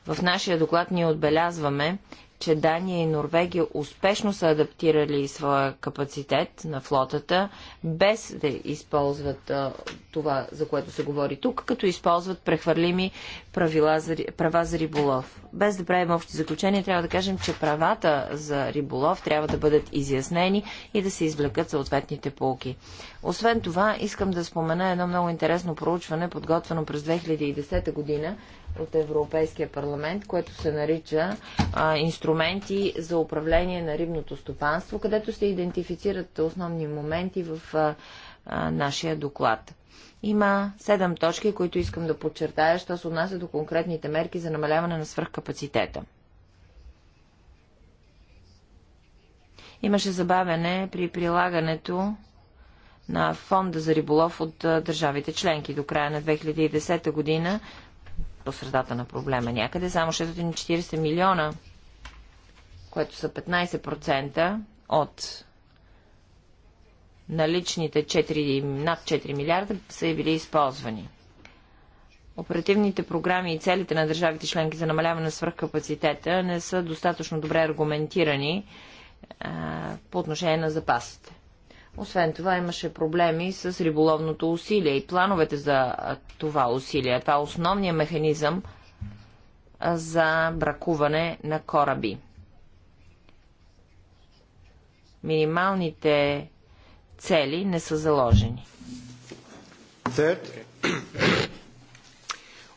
S2: В нашия доклад ние отбелязваме, че Дания и Норвегия успешно са адаптирали своя капацитет на флотата, без да използват а, това, за което се говори тук, като използват прехвърлими правила за, права за риболов. Без да правим общи заключения, трябва да кажем, че правата за риболов трябва да бъдат изяснени и да се извлекат съответните полки. Освен това, искам да спомена едно много интересно проучване, подготвено през 2010 година от Европейския парламент, което се нарича а, инструменти за управление на рибното стопанство, където се идентифицират основни моменти в а, а, нашия доклад. Има седем точки, които искам да подчертая, що се отнася до конкретните мерки за намаляване на свръхкапацитета. Имаше забавяне при прилагането на фонда за риболов от държавите членки. До края на 2010 година по средата на проблема. Някъде само 640 милиона, което са 15% от наличните 4, над 4 милиарда са и били използвани. Оперативните програми и целите на държавите членки за намаляване на свръхкапацитета не са достатъчно добре аргументирани а, по отношение на запасите. Освен това имаше проблеми с риболовното усилие и плановете за това усилие. Това е основният механизъм за бракуване на кораби. Минималните цели не са заложени.
S3: Third,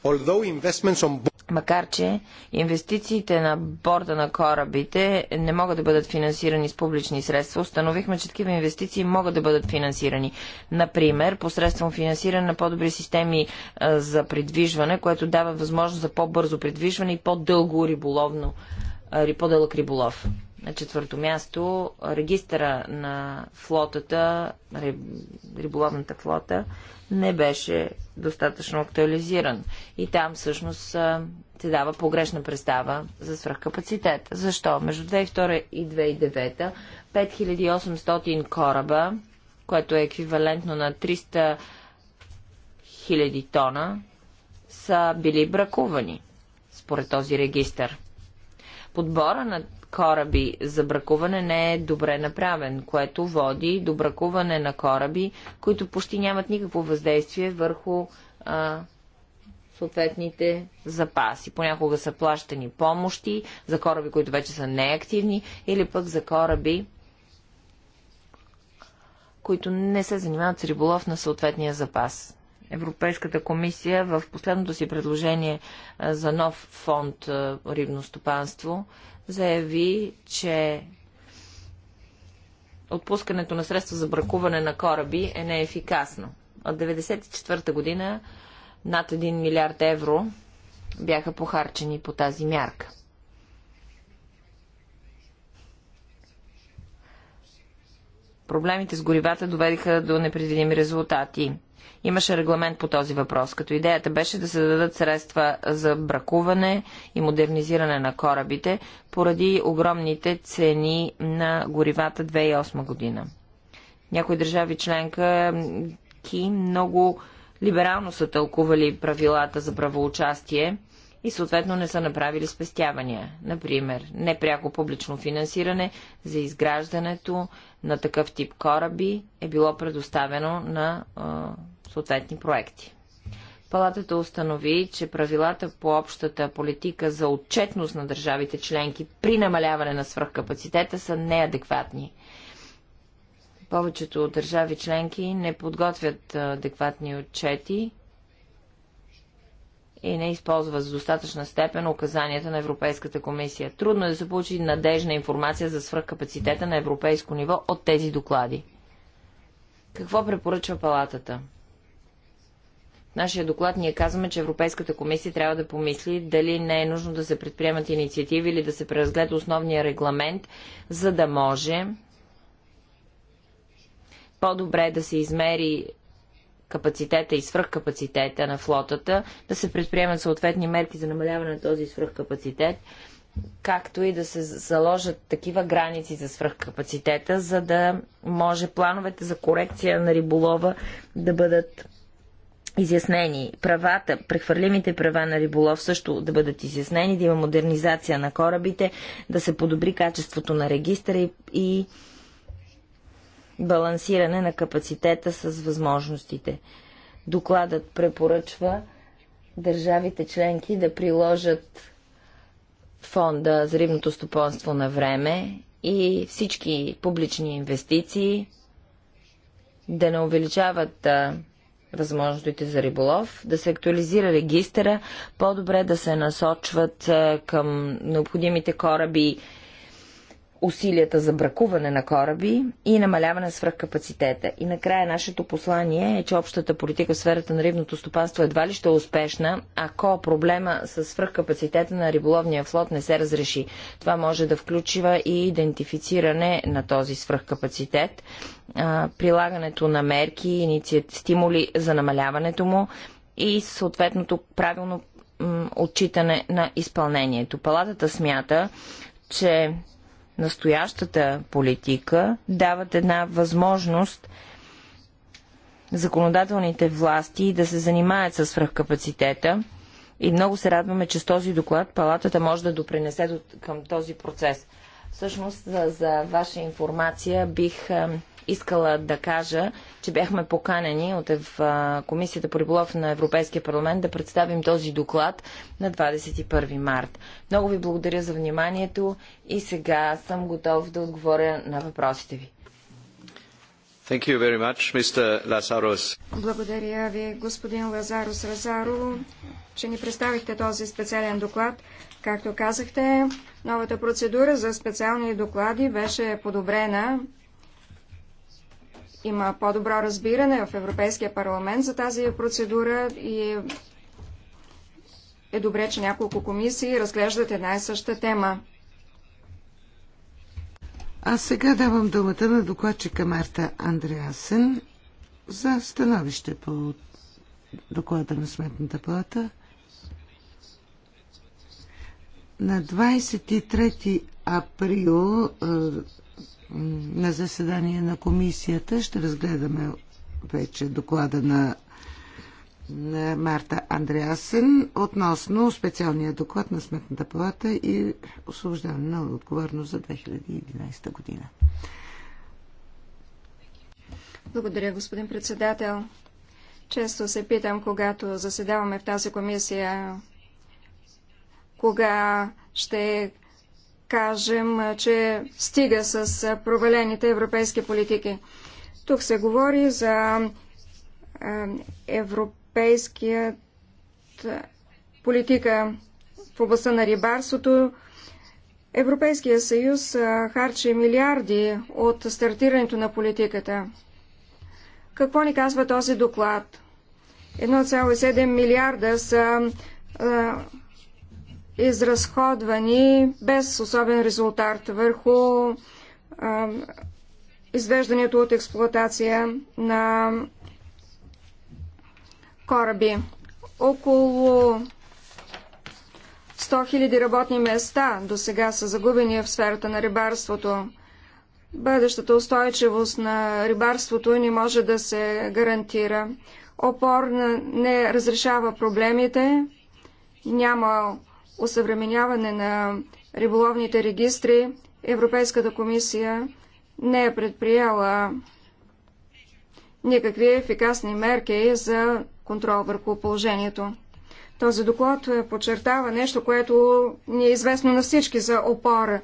S3: although investments on
S2: Макар, че инвестициите на борда на корабите не могат да бъдат финансирани с публични средства, установихме, че такива инвестиции могат да бъдат финансирани. Например, посредством финансиране на по-добри системи за придвижване, което дава възможност за по-бързо придвижване и по-дълго риболовно, по-дълъг риболов. На четвърто място, регистъра на флотата, риболовната флота, не беше достатъчно актуализиран. И там всъщност се дава погрешна представа за свръхкапацитет. Защо? Между 2002 и 2009 5800 кораба, което е еквивалентно на 300 000 тона, са били бракувани според този регистър. Подбора на кораби за бракуване не е добре направен, което води до бракуване на кораби, които почти нямат никакво въздействие върху а, съответните запаси. Понякога са плащани помощи за кораби, които вече са неактивни, или пък за кораби, които не се занимават с риболов на съответния запас. Европейската комисия в последното си предложение за нов фонд рибно стопанство заяви, че отпускането на средства за бракуване на кораби е неефикасно. От 1994 година над 1 милиард евро бяха похарчени по тази мярка. Проблемите с горивата доведиха до непредвидими резултати. Имаше регламент по този въпрос, като идеята беше да се дадат средства за бракуване и модернизиране на корабите поради огромните цени на горивата 2008 година. Някои държави членка ки много либерално са тълкували правилата за правоучастие и съответно не са направили спестявания. Например, непряко публично финансиране за изграждането на такъв тип кораби е било предоставено на а, съответни проекти. Палатата установи, че правилата по общата политика за отчетност на държавите членки при намаляване на свръхкапацитета са неадекватни. Повечето държави членки не подготвят адекватни отчети и не използват с достатъчна степен указанията на Европейската комисия. Трудно е да се получи надежна информация за свръхкапацитета на европейско ниво от тези доклади. Какво препоръчва палатата? В нашия доклад ние казваме, че Европейската комисия трябва да помисли дали не е нужно да се предприемат инициативи или да се преразгледа основния регламент, за да може по-добре да се измери капацитета и свръхкапацитета на флотата, да се предприемат съответни мерки за намаляване на този свръхкапацитет, както и да се заложат такива граници за свръхкапацитета, за да може плановете за корекция на риболова да бъдат изяснени. Правата, прехвърлимите права на риболов също да бъдат изяснени, да има модернизация на корабите, да се подобри качеството на регистъра и балансиране на капацитета с възможностите. Докладът препоръчва държавите членки да приложат фонда за рибното стопонство на време и всички публични инвестиции да не увеличават възможностите за риболов, да се актуализира регистъра, по-добре да се насочват към необходимите кораби усилията за бракуване на кораби и намаляване на свръхкапацитета. И накрая нашето послание е, че общата политика в сферата на рибното стопанство едва ли ще е успешна, ако проблема с свръхкапацитета на риболовния флот не се разреши. Това може да включва и идентифициране на този свръхкапацитет, прилагането на мерки, стимули за намаляването му и съответното правилно отчитане на изпълнението. Палатата смята, че настоящата политика дават една възможност законодателните власти да се занимаят с свръхкапацитета и много се радваме, че с този доклад палатата може да допринесе към този процес. Всъщност, за, за ваша информация, бих искала да кажа, че бяхме поканени от Комисията по риболов на Европейския парламент да представим този доклад на 21 март. Много ви благодаря за вниманието и сега съм готов да отговоря на въпросите ви.
S1: Thank you very much, Mr.
S3: Благодаря ви, господин Лазарос Разаро, че ни представихте този специален доклад. Както казахте, новата процедура за специални доклади беше подобрена има по-добро разбиране в Европейския парламент за тази процедура и е добре, че няколко комисии разглеждат една и съща тема.
S1: А сега давам думата на докладчика Марта Андреасен за становище по доклада на Сметната палата. На 23 април е, на заседание на комисията ще разгледаме вече доклада на, на Марта Андреасен относно специалния доклад на Сметната палата и освобождаване на отговорност за 2011 година.
S3: Благодаря, господин председател. Често се питам, когато заседаваме в тази комисия, кога ще кажем, че стига с провалените европейски политики. Тук се говори за европейският политика в областта на рибарството. Европейския съюз харчи милиарди от стартирането на политиката. Какво ни казва този доклад? 1,7 милиарда са изразходвани без особен резултат върху а, извеждането от експлуатация на кораби. Около 100 000 работни места до сега са загубени в сферата на рибарството. Бъдещата устойчивост на рибарството не може да се гарантира. Опор не разрешава проблемите, няма усъвременяване на риболовните регистри, Европейската комисия не е предприяла никакви ефикасни мерки за контрол върху положението. Този доклад подчертава нещо, което ни е известно на всички за опора,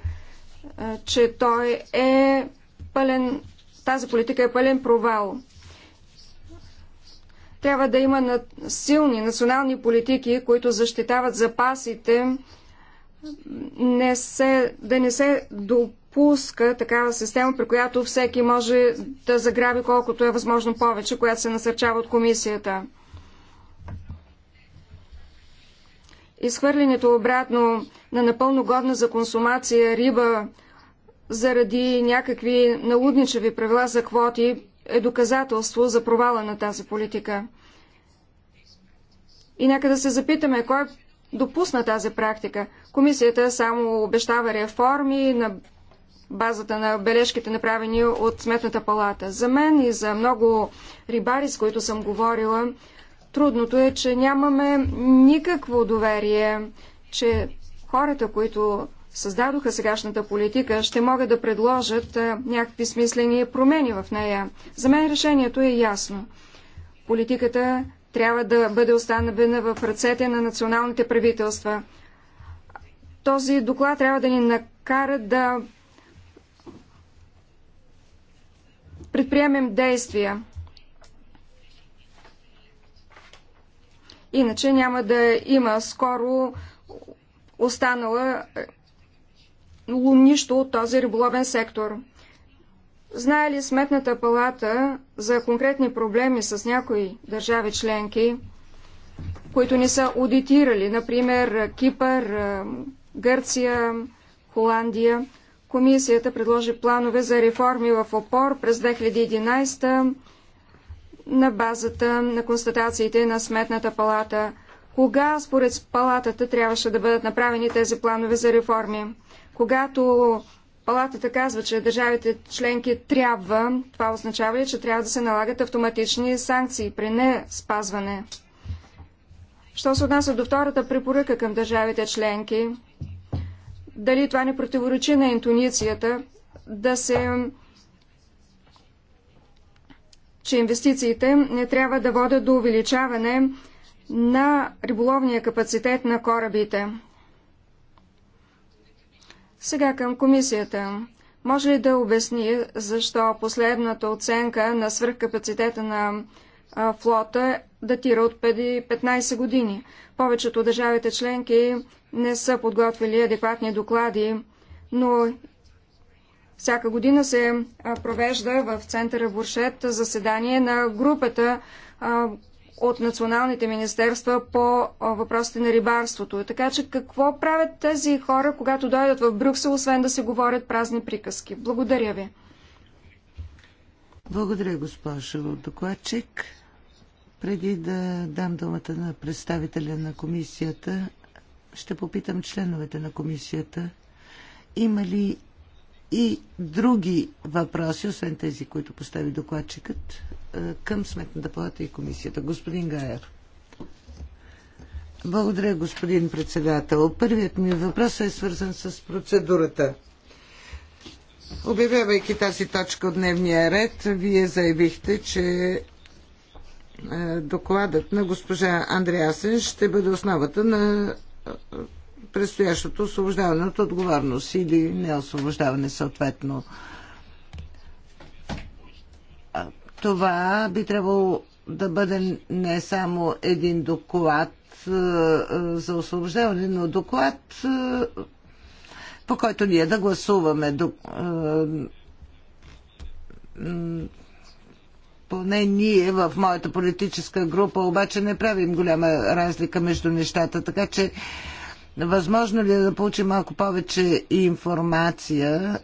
S3: че той е пълен, тази политика е пълен провал. Трябва да има силни национални политики, които защитават запасите, не се, да не се допуска такава система, при която всеки може да заграби колкото е възможно повече, която се насърчава от комисията. Изхвърлянето обратно на напълно годна за консумация риба заради някакви налудничеви правила за квоти е доказателство за провала на тази политика. И нека да се запитаме, кой допусна тази практика. Комисията само обещава реформи на базата на бележките, направени от Сметната палата. За мен и за много рибари, с които съм говорила, трудното е, че нямаме никакво доверие, че хората, които създадоха сегашната политика, ще могат да предложат някакви смислени промени в нея. За мен решението е ясно. Политиката трябва да бъде останавена в ръцете на националните правителства. Този доклад трябва да ни накара да предприемем действия. Иначе няма да има скоро останала нищо от този риболовен сектор. Знае ли Сметната палата за конкретни проблеми с някои държави членки, които не са аудитирали, например Кипър, Гърция, Холандия? Комисията предложи планове за реформи в опор през 2011 на базата на констатациите на Сметната палата. Кога, според палатата, трябваше да бъдат направени тези планове за реформи? Когато палатата казва, че държавите членки трябва, това означава ли, че трябва да се налагат автоматични санкции при не спазване? Що се отнася до втората препоръка към държавите членки, дали това не противоречи на интуицията да се че инвестициите не трябва да водят до увеличаване на риболовния капацитет на корабите. Сега към комисията. Може ли да обясни защо последната оценка на свръхкапацитета на флота датира от преди 15 години? Повечето държавите членки не са подготвили адекватни доклади, но всяка година се провежда в центъра Буршет заседание на групата, от националните министерства по въпросите на рибарството. Така че какво правят тези хора, когато дойдат в Брюксел, освен да се говорят празни приказки? Благодаря ви.
S1: Благодаря, госпожо докладчик. Преди да дам думата на представителя на комисията, ще попитам членовете на комисията. Има ли и други въпроси, освен тези, които постави докладчикът? Е, към Сметната палата и комисията. Господин Гаер. Благодаря, господин председател. Първият ми въпрос е свързан с процедурата. Обявявайки тази точка от дневния ред, вие заявихте, че е, докладът на госпожа Андреасен ще бъде основата на е, предстоящото освобождаване от отговорност или неосвобождаване съответно. Това би трябвало да бъде не само един доклад е, е, за освобождаване, но доклад, е, по който ние да гласуваме поне ние в моята политическа група обаче не правим голяма разлика между нещата, така че възможно ли е да получим малко повече информация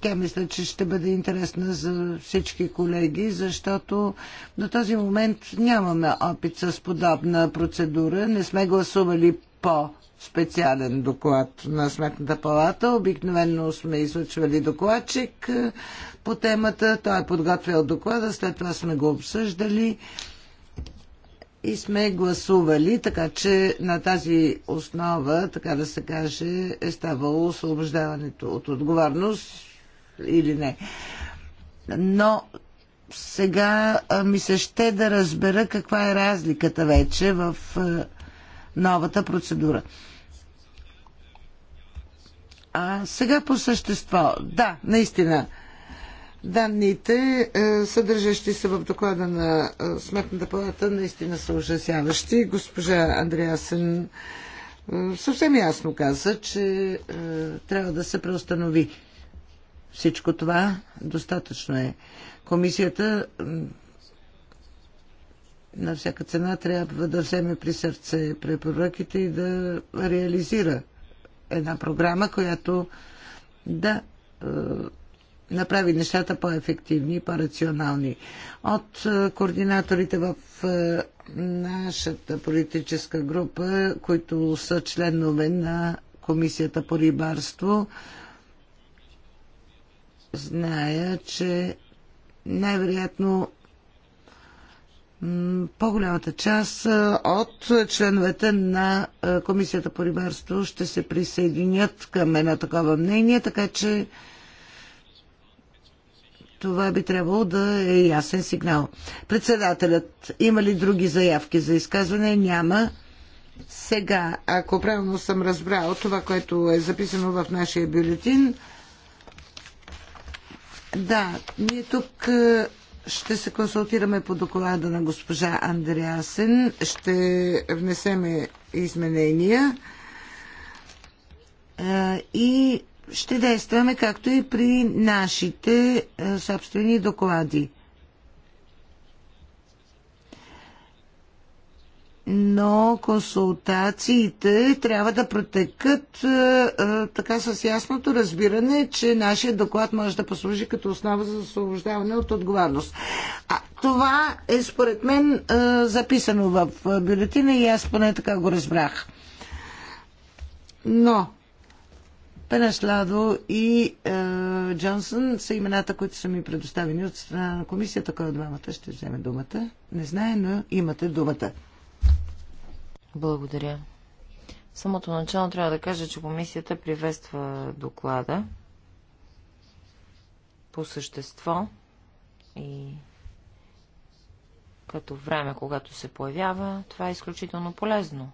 S1: тя мисля, че ще бъде интересна за всички колеги, защото до този момент нямаме опит с подобна процедура. Не сме гласували по специален доклад на Сметната палата. Обикновено сме излъчвали докладчик е, по темата. Той е подготвял доклада, след това сме го обсъждали и сме гласували, така че на тази основа, така да се каже, е ставало освобождаването от отговорност или не. Но сега ми се ще да разбера каква е разликата вече в новата процедура. А сега по същество. Да, наистина. Данните, съдържащи се в доклада на Сметната палата, наистина са ужасяващи. Госпожа Андреасен съвсем ясно каза, че трябва да се преустанови всичко това достатъчно е. Комисията на всяка цена трябва да вземе при сърце препоръките и да реализира една програма, която да е, направи нещата по-ефективни и по-рационални. От е, координаторите в е, нашата политическа група, които са членове на Комисията по рибарство, е, Зная, че най-вероятно по-голямата част от членовете на Комисията по рибарство ще се присъединят към едно такова мнение, така че това би трябвало да е ясен сигнал. Председателят, има ли други заявки за изказване? Няма. Сега, ако правилно съм разбрал това, което е записано в нашия бюлетин, да, ние тук е, ще се консултираме по доклада на госпожа Андреасен. Ще внесеме изменения е, и ще действаме както и при нашите е, собствени доклади. но консултациите трябва да протекат е, е, така с ясното разбиране, че нашия доклад може да послужи като основа за освобождаване от отговорност. А това е според мен е, записано в бюлетина и аз поне така го разбрах. Но Пенашладо и е, Джонсън са имената, които са ми предоставени от страна на комисията. Кой от двамата ще
S2: вземе думата? Не знае, но имате думата. Благодаря. В самото начало трябва да кажа, че комисията приветства доклада по същество и като време, когато се появява, това е изключително полезно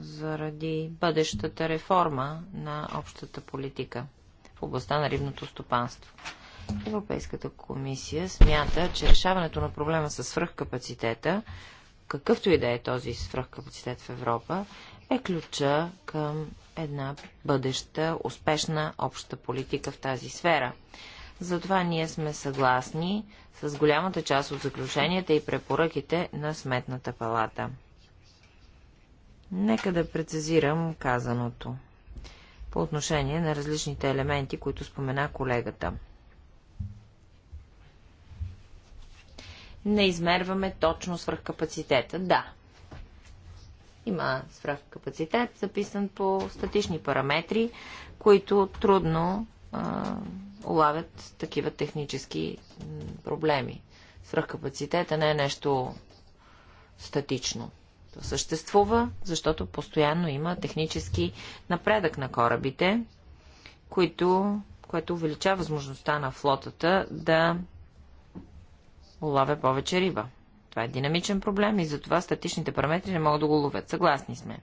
S2: заради бъдещата реформа на общата политика в областта на рибното стопанство. Европейската комисия смята, че решаването на проблема с свръхкапацитета, какъвто и да е този свръхкапацитет в Европа, е ключа към една бъдеща успешна обща политика в тази сфера. Затова ние сме съгласни с голямата част от заключенията и препоръките на Сметната палата. Нека да прецизирам казаното по отношение на различните елементи, които спомена колегата. не измерваме точно свръхкапацитета. Да, има свръхкапацитет, записан по статични параметри, които трудно а, улавят такива технически проблеми. Свръхкапацитета не е нещо статично. То съществува, защото постоянно има технически напредък на корабите, които, което увеличава възможността на флотата да улавя повече риба. Това е динамичен проблем и затова статичните параметри не могат да го ловят. Съгласни сме.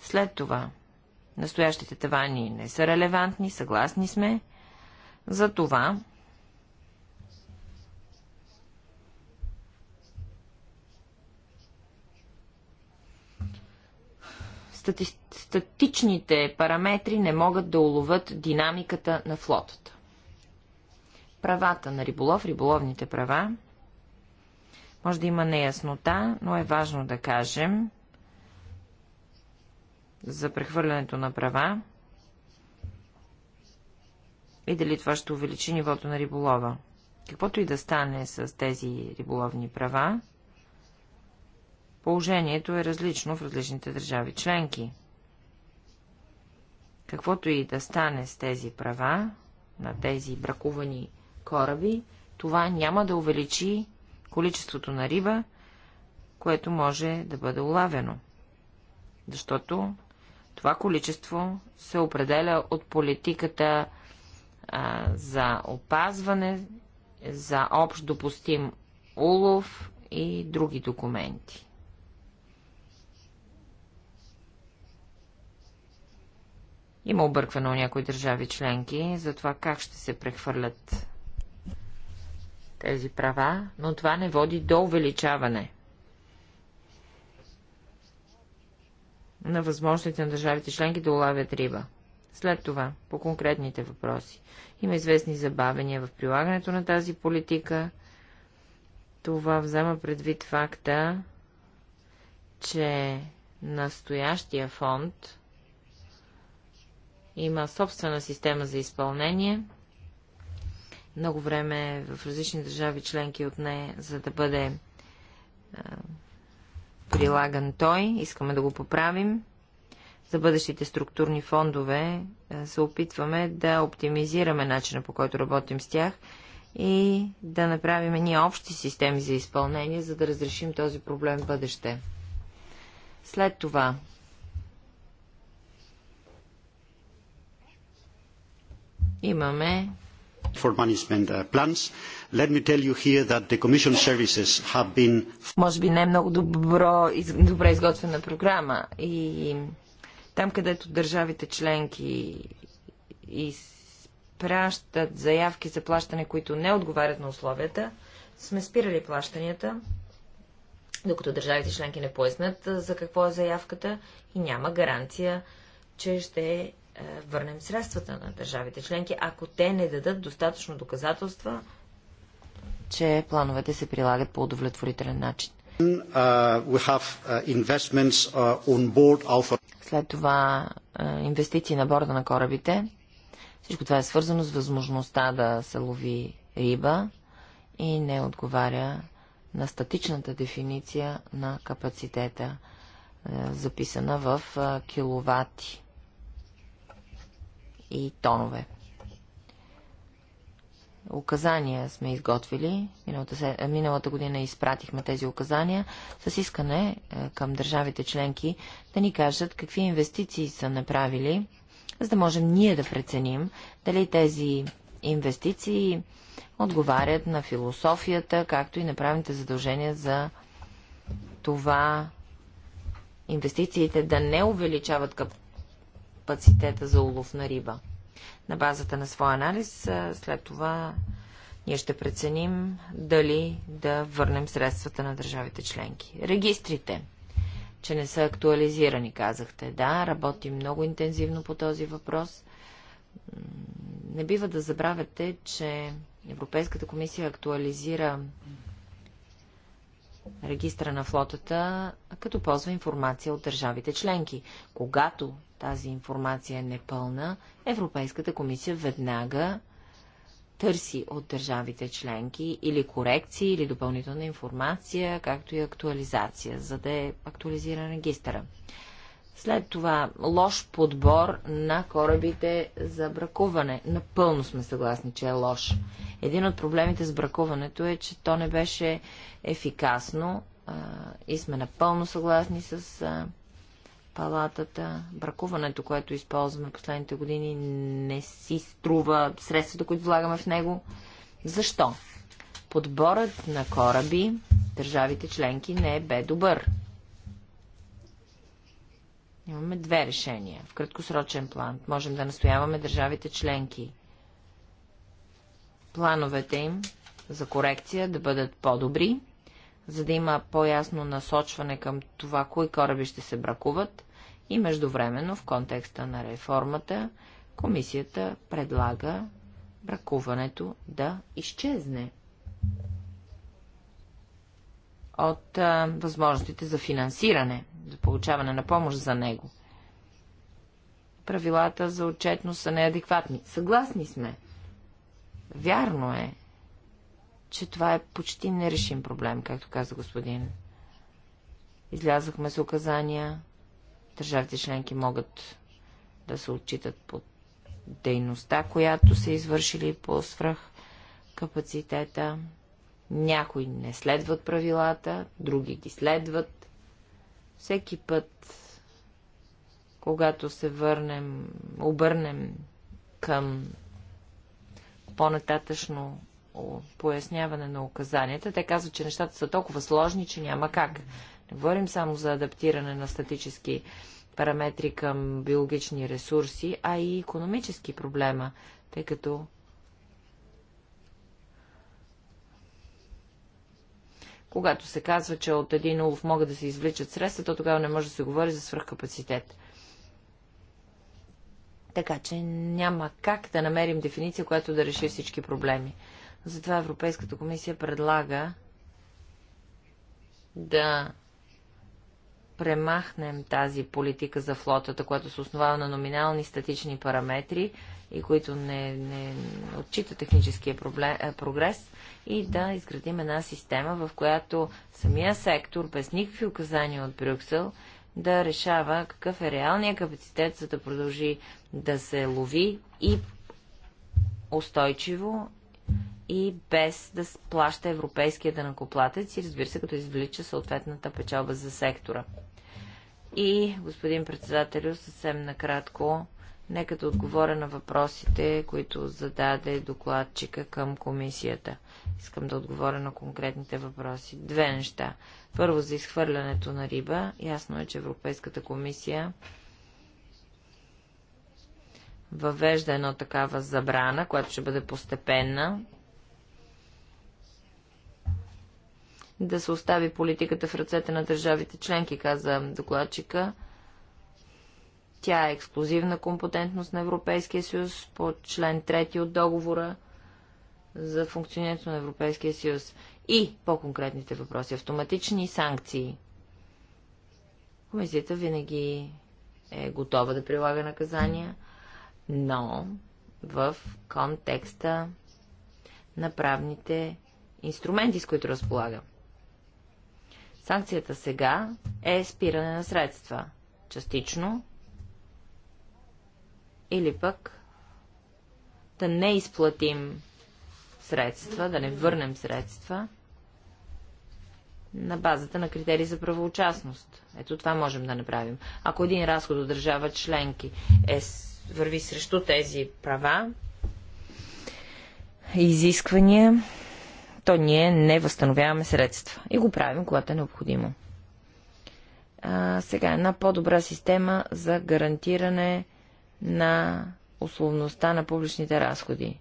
S2: След това, настоящите тавани не са релевантни, съгласни сме. За това стати... статичните параметри не могат да уловят динамиката на флотата. Правата на риболов, риболовните права, може да има неяснота, но е важно да кажем за прехвърлянето на права и дали това ще увеличи нивото на риболова. Каквото и да стане с тези риболовни права, положението е различно в различните държави членки. Каквото и да стане с тези права на тези бракувани кораби, това няма да увеличи количеството на риба, което може да бъде улавено. Защото това количество се определя от политиката а, за опазване, за общ допустим улов и други документи. Има объркване у някои държави членки за това как ще се прехвърлят тези права, но това не води до увеличаване на възможностите на държавите членки да улавят риба. След това, по конкретните въпроси. Има известни забавения в прилагането на тази политика. Това взема предвид факта, че настоящия фонд има собствена система за изпълнение – много време в различни държави членки от нея, за да бъде а, прилаган той. Искаме да го поправим. За бъдещите структурни фондове а, се опитваме да оптимизираме начина по който работим с тях и да направим ние общи системи за изпълнение, за да разрешим този проблем в бъдеще. След това имаме
S1: Been...
S2: Може би не е много добро, добре изготвена програма и там, където държавите членки изпращат заявки за плащане, които не отговарят на условията, сме спирали плащанията, докато държавите членки не пояснат за какво е заявката и няма гаранция, че ще е, върнем средствата на държавите членки, ако те не дадат достатъчно доказателства, че плановете се прилагат по удовлетворителен начин.
S3: Uh, uh, uh, След
S2: това е, инвестиции на борда на корабите. Всичко това е свързано с възможността да се лови риба и не отговаря на статичната дефиниция на капацитета, е, записана в киловати и тонове. Указания сме изготвили. Миналата, година изпратихме тези указания с искане е, към държавите членки да ни кажат какви инвестиции са направили, за да можем ние да преценим дали тези инвестиции отговарят на философията, както и на задължения за това инвестициите да не увеличават кап капацитета за улов на риба. На базата на своя анализ, след това ние ще преценим дали да върнем средствата на държавите членки. Регистрите, че не са актуализирани, казахте. Да, работим много интензивно по този въпрос. Не бива да забравяте, че Европейската комисия актуализира регистра на флотата, като ползва информация от държавите членки. Когато тази информация е непълна, Европейската комисия веднага търси от държавите членки или корекции, или допълнителна информация, както и актуализация, за да е актуализиран регистъра. След това лош подбор на корабите за бракуване. Напълно сме съгласни, че е лош. Един от проблемите с бракуването е, че то не беше ефикасно а, и сме напълно съгласни с а, палатата. Бракуването, което използваме последните години, не си струва средствата, които влагаме в него. Защо? Подборът на кораби държавите членки не е бе добър. Имаме две решения. В краткосрочен план можем да настояваме държавите членки. Плановете им за корекция да бъдат по-добри, за да има по-ясно насочване към това, кои кораби ще се бракуват и междувременно в контекста на реформата комисията предлага бракуването да изчезне от а, възможностите за финансиране за получаване на помощ за него. Правилата за отчетност са неадекватни. Съгласни сме. Вярно е, че това е почти нерешим проблем, както каза господин. Излязахме с указания. Държавите членки могат да се отчитат под дейността, която са извършили по свръх капацитета. Някои не следват правилата, други ги следват. Всеки път, когато се върнем, обърнем към по-нататъчно поясняване на указанията, те казват, че нещата са толкова сложни, че няма как. Не говорим само за адаптиране на статически параметри към биологични ресурси, а и економически проблема, тъй като Когато се казва, че от един улов могат да се извличат средства, то тогава не може да се говори за свръхкапацитет. Така че няма как да намерим дефиниция, която да реши всички проблеми. Затова Европейската комисия предлага да премахнем тази политика за флотата, която се основава на номинални статични параметри и които не, не отчита техническия проблем, е, прогрес, и да изградим една система, в която самия сектор, без никакви указания от Брюксел, да решава какъв е реалният капацитет, за да продължи да се лови и устойчиво и без да плаща европейския данакоплатец и разбира се, като извлича съответната печалба за сектора. И, господин председателю, съвсем накратко, нека да отговоря на въпросите, които зададе докладчика към комисията. Искам да отговоря на конкретните въпроси. Две неща. Първо за изхвърлянето на риба. Ясно е, че Европейската комисия въвежда едно такава забрана, която ще бъде постепенна да се остави политиката в ръцете на държавите членки, каза докладчика. Тя е ексклюзивна компетентност на Европейския съюз по член 3 от договора за функционирането на Европейския съюз. И по-конкретните въпроси. Автоматични санкции. Комисията винаги е готова да прилага наказания, но в контекста на правните инструменти, с които разполагам. Санкцията сега е спиране на средства. Частично. Или пък да не изплатим средства, да не върнем средства на базата на критерии за правоучастност. Ето това можем да направим. Ако един разход от държава членки е, върви срещу тези права, изисквания, защо ние не възстановяваме средства. И го правим, когато е необходимо. А, сега, една по-добра система за гарантиране на условността на публичните разходи.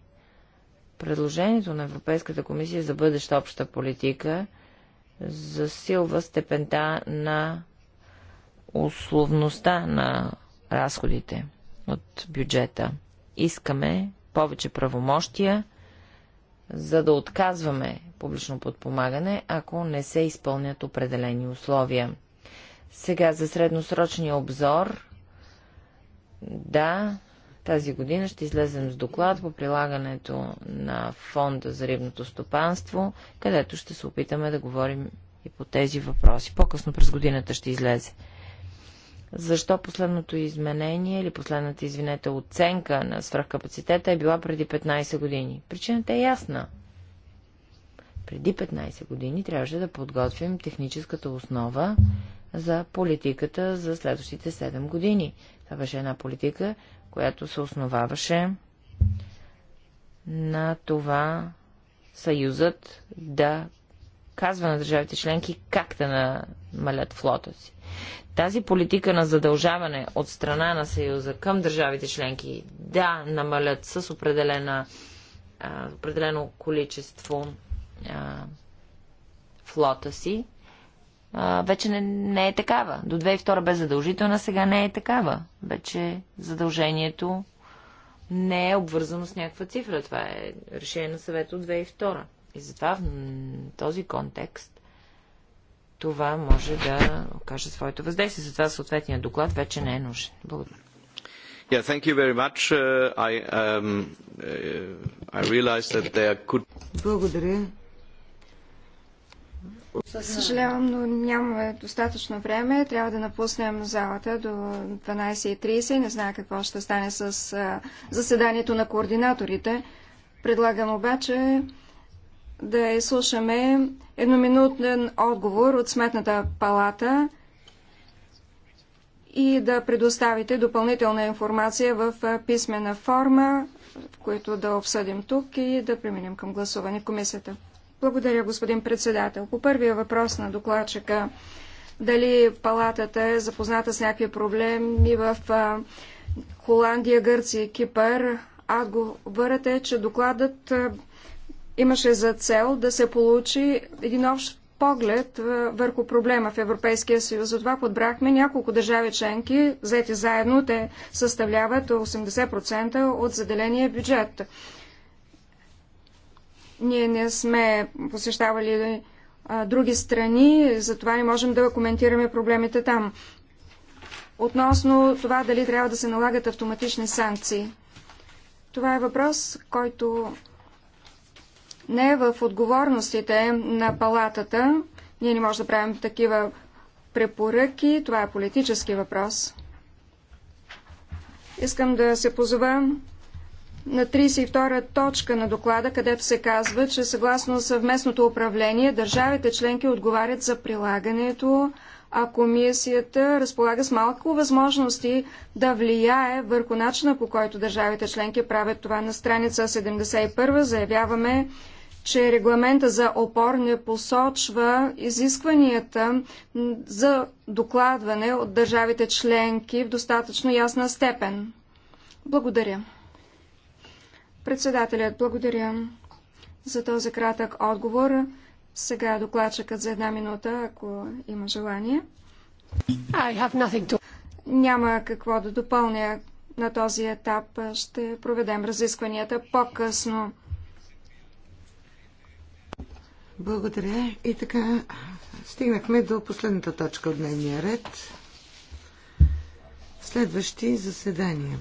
S2: Предложението на Европейската комисия за бъдеща обща политика засилва степента на условността на разходите от бюджета. Искаме повече правомощия за да отказваме публично подпомагане, ако не се изпълнят определени условия. Сега за средносрочния обзор. Да, тази година ще излезем с доклад по прилагането на фонда за рибното стопанство, където ще се опитаме да говорим и по тези въпроси. По-късно през годината ще излезе защо последното изменение или последната, извинете, оценка на свръхкапацитета е била преди 15 години. Причината е ясна. Преди 15 години трябваше да подготвим техническата основа за политиката за следващите 7 години. Това беше една политика, която се основаваше на това съюзът да казва на държавите членки как да намалят флота си. Тази политика на задължаване от страна на Съюза към държавите членки да намалят с определена, а, определено количество а, флота си, а, вече не, не е такава. До 2002 бе задължителна, сега не е такава. Вече задължението не е обвързано с някаква цифра. Това е решение на съвета от 2002. И затова в този контекст това може да окаже своето въздействие. Затова съответният доклад вече не е нужен. Благодаря. Yeah, thank you very much. Uh,
S1: I, um, uh, I that there could...
S2: Благодаря.
S3: Съжалявам, но нямаме достатъчно време. Трябва да напуснем залата до 12.30. Не знам какво ще стане с uh, заседанието на координаторите. Предлагам обаче да изслушаме едноминутен отговор от Сметната палата и да предоставите допълнителна информация в писмена форма, в които да обсъдим тук и да преминем към гласуване комисията. Благодаря, господин председател. По първия въпрос на докладчика, дали палатата е запозната с някакви проблеми в Холандия, Гърция и Кипър, отговорът е, че докладът имаше за цел да се получи един общ поглед върху проблема в Европейския съюз. Затова подбрахме няколко държави членки, взети заедно, те съставляват 80% от заделения бюджет. Ние не сме посещавали други страни, затова не можем да коментираме проблемите там. Относно това дали трябва да се налагат автоматични санкции. Това е въпрос, който не е в отговорностите на палатата. Ние не можем да правим такива препоръки. Това е политически въпрос. Искам да се позова на 32-та точка на доклада, където се казва, че съгласно съвместното управление държавите членки отговарят за прилагането, а комисията разполага с малко възможности да влияе върху начина по който държавите членки правят това. На страница 71 заявяваме, че регламента за опор не посочва изискванията за докладване от държавите членки в достатъчно ясна степен. Благодаря. Председателят, благодаря за този кратък отговор. Сега докладчикът за една минута, ако има желание. I have to... Няма какво да допълня на този етап. Ще проведем разискванията по-късно.
S1: Благодаря. И така, стигнахме до последната точка от дневния ред. Следващи заседания.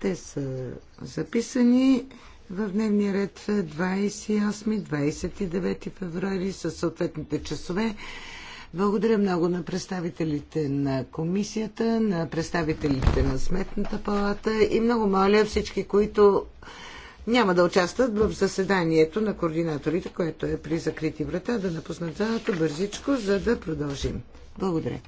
S1: Те са записани в дневния ред 28-29 февруари със съответните часове. Благодаря много на представителите на комисията, на представителите на Сметната палата и много моля всички, които няма да участват в заседанието на координаторите, което е при закрити врата, да напуснат залата бързичко, за да продължим. Благодаря.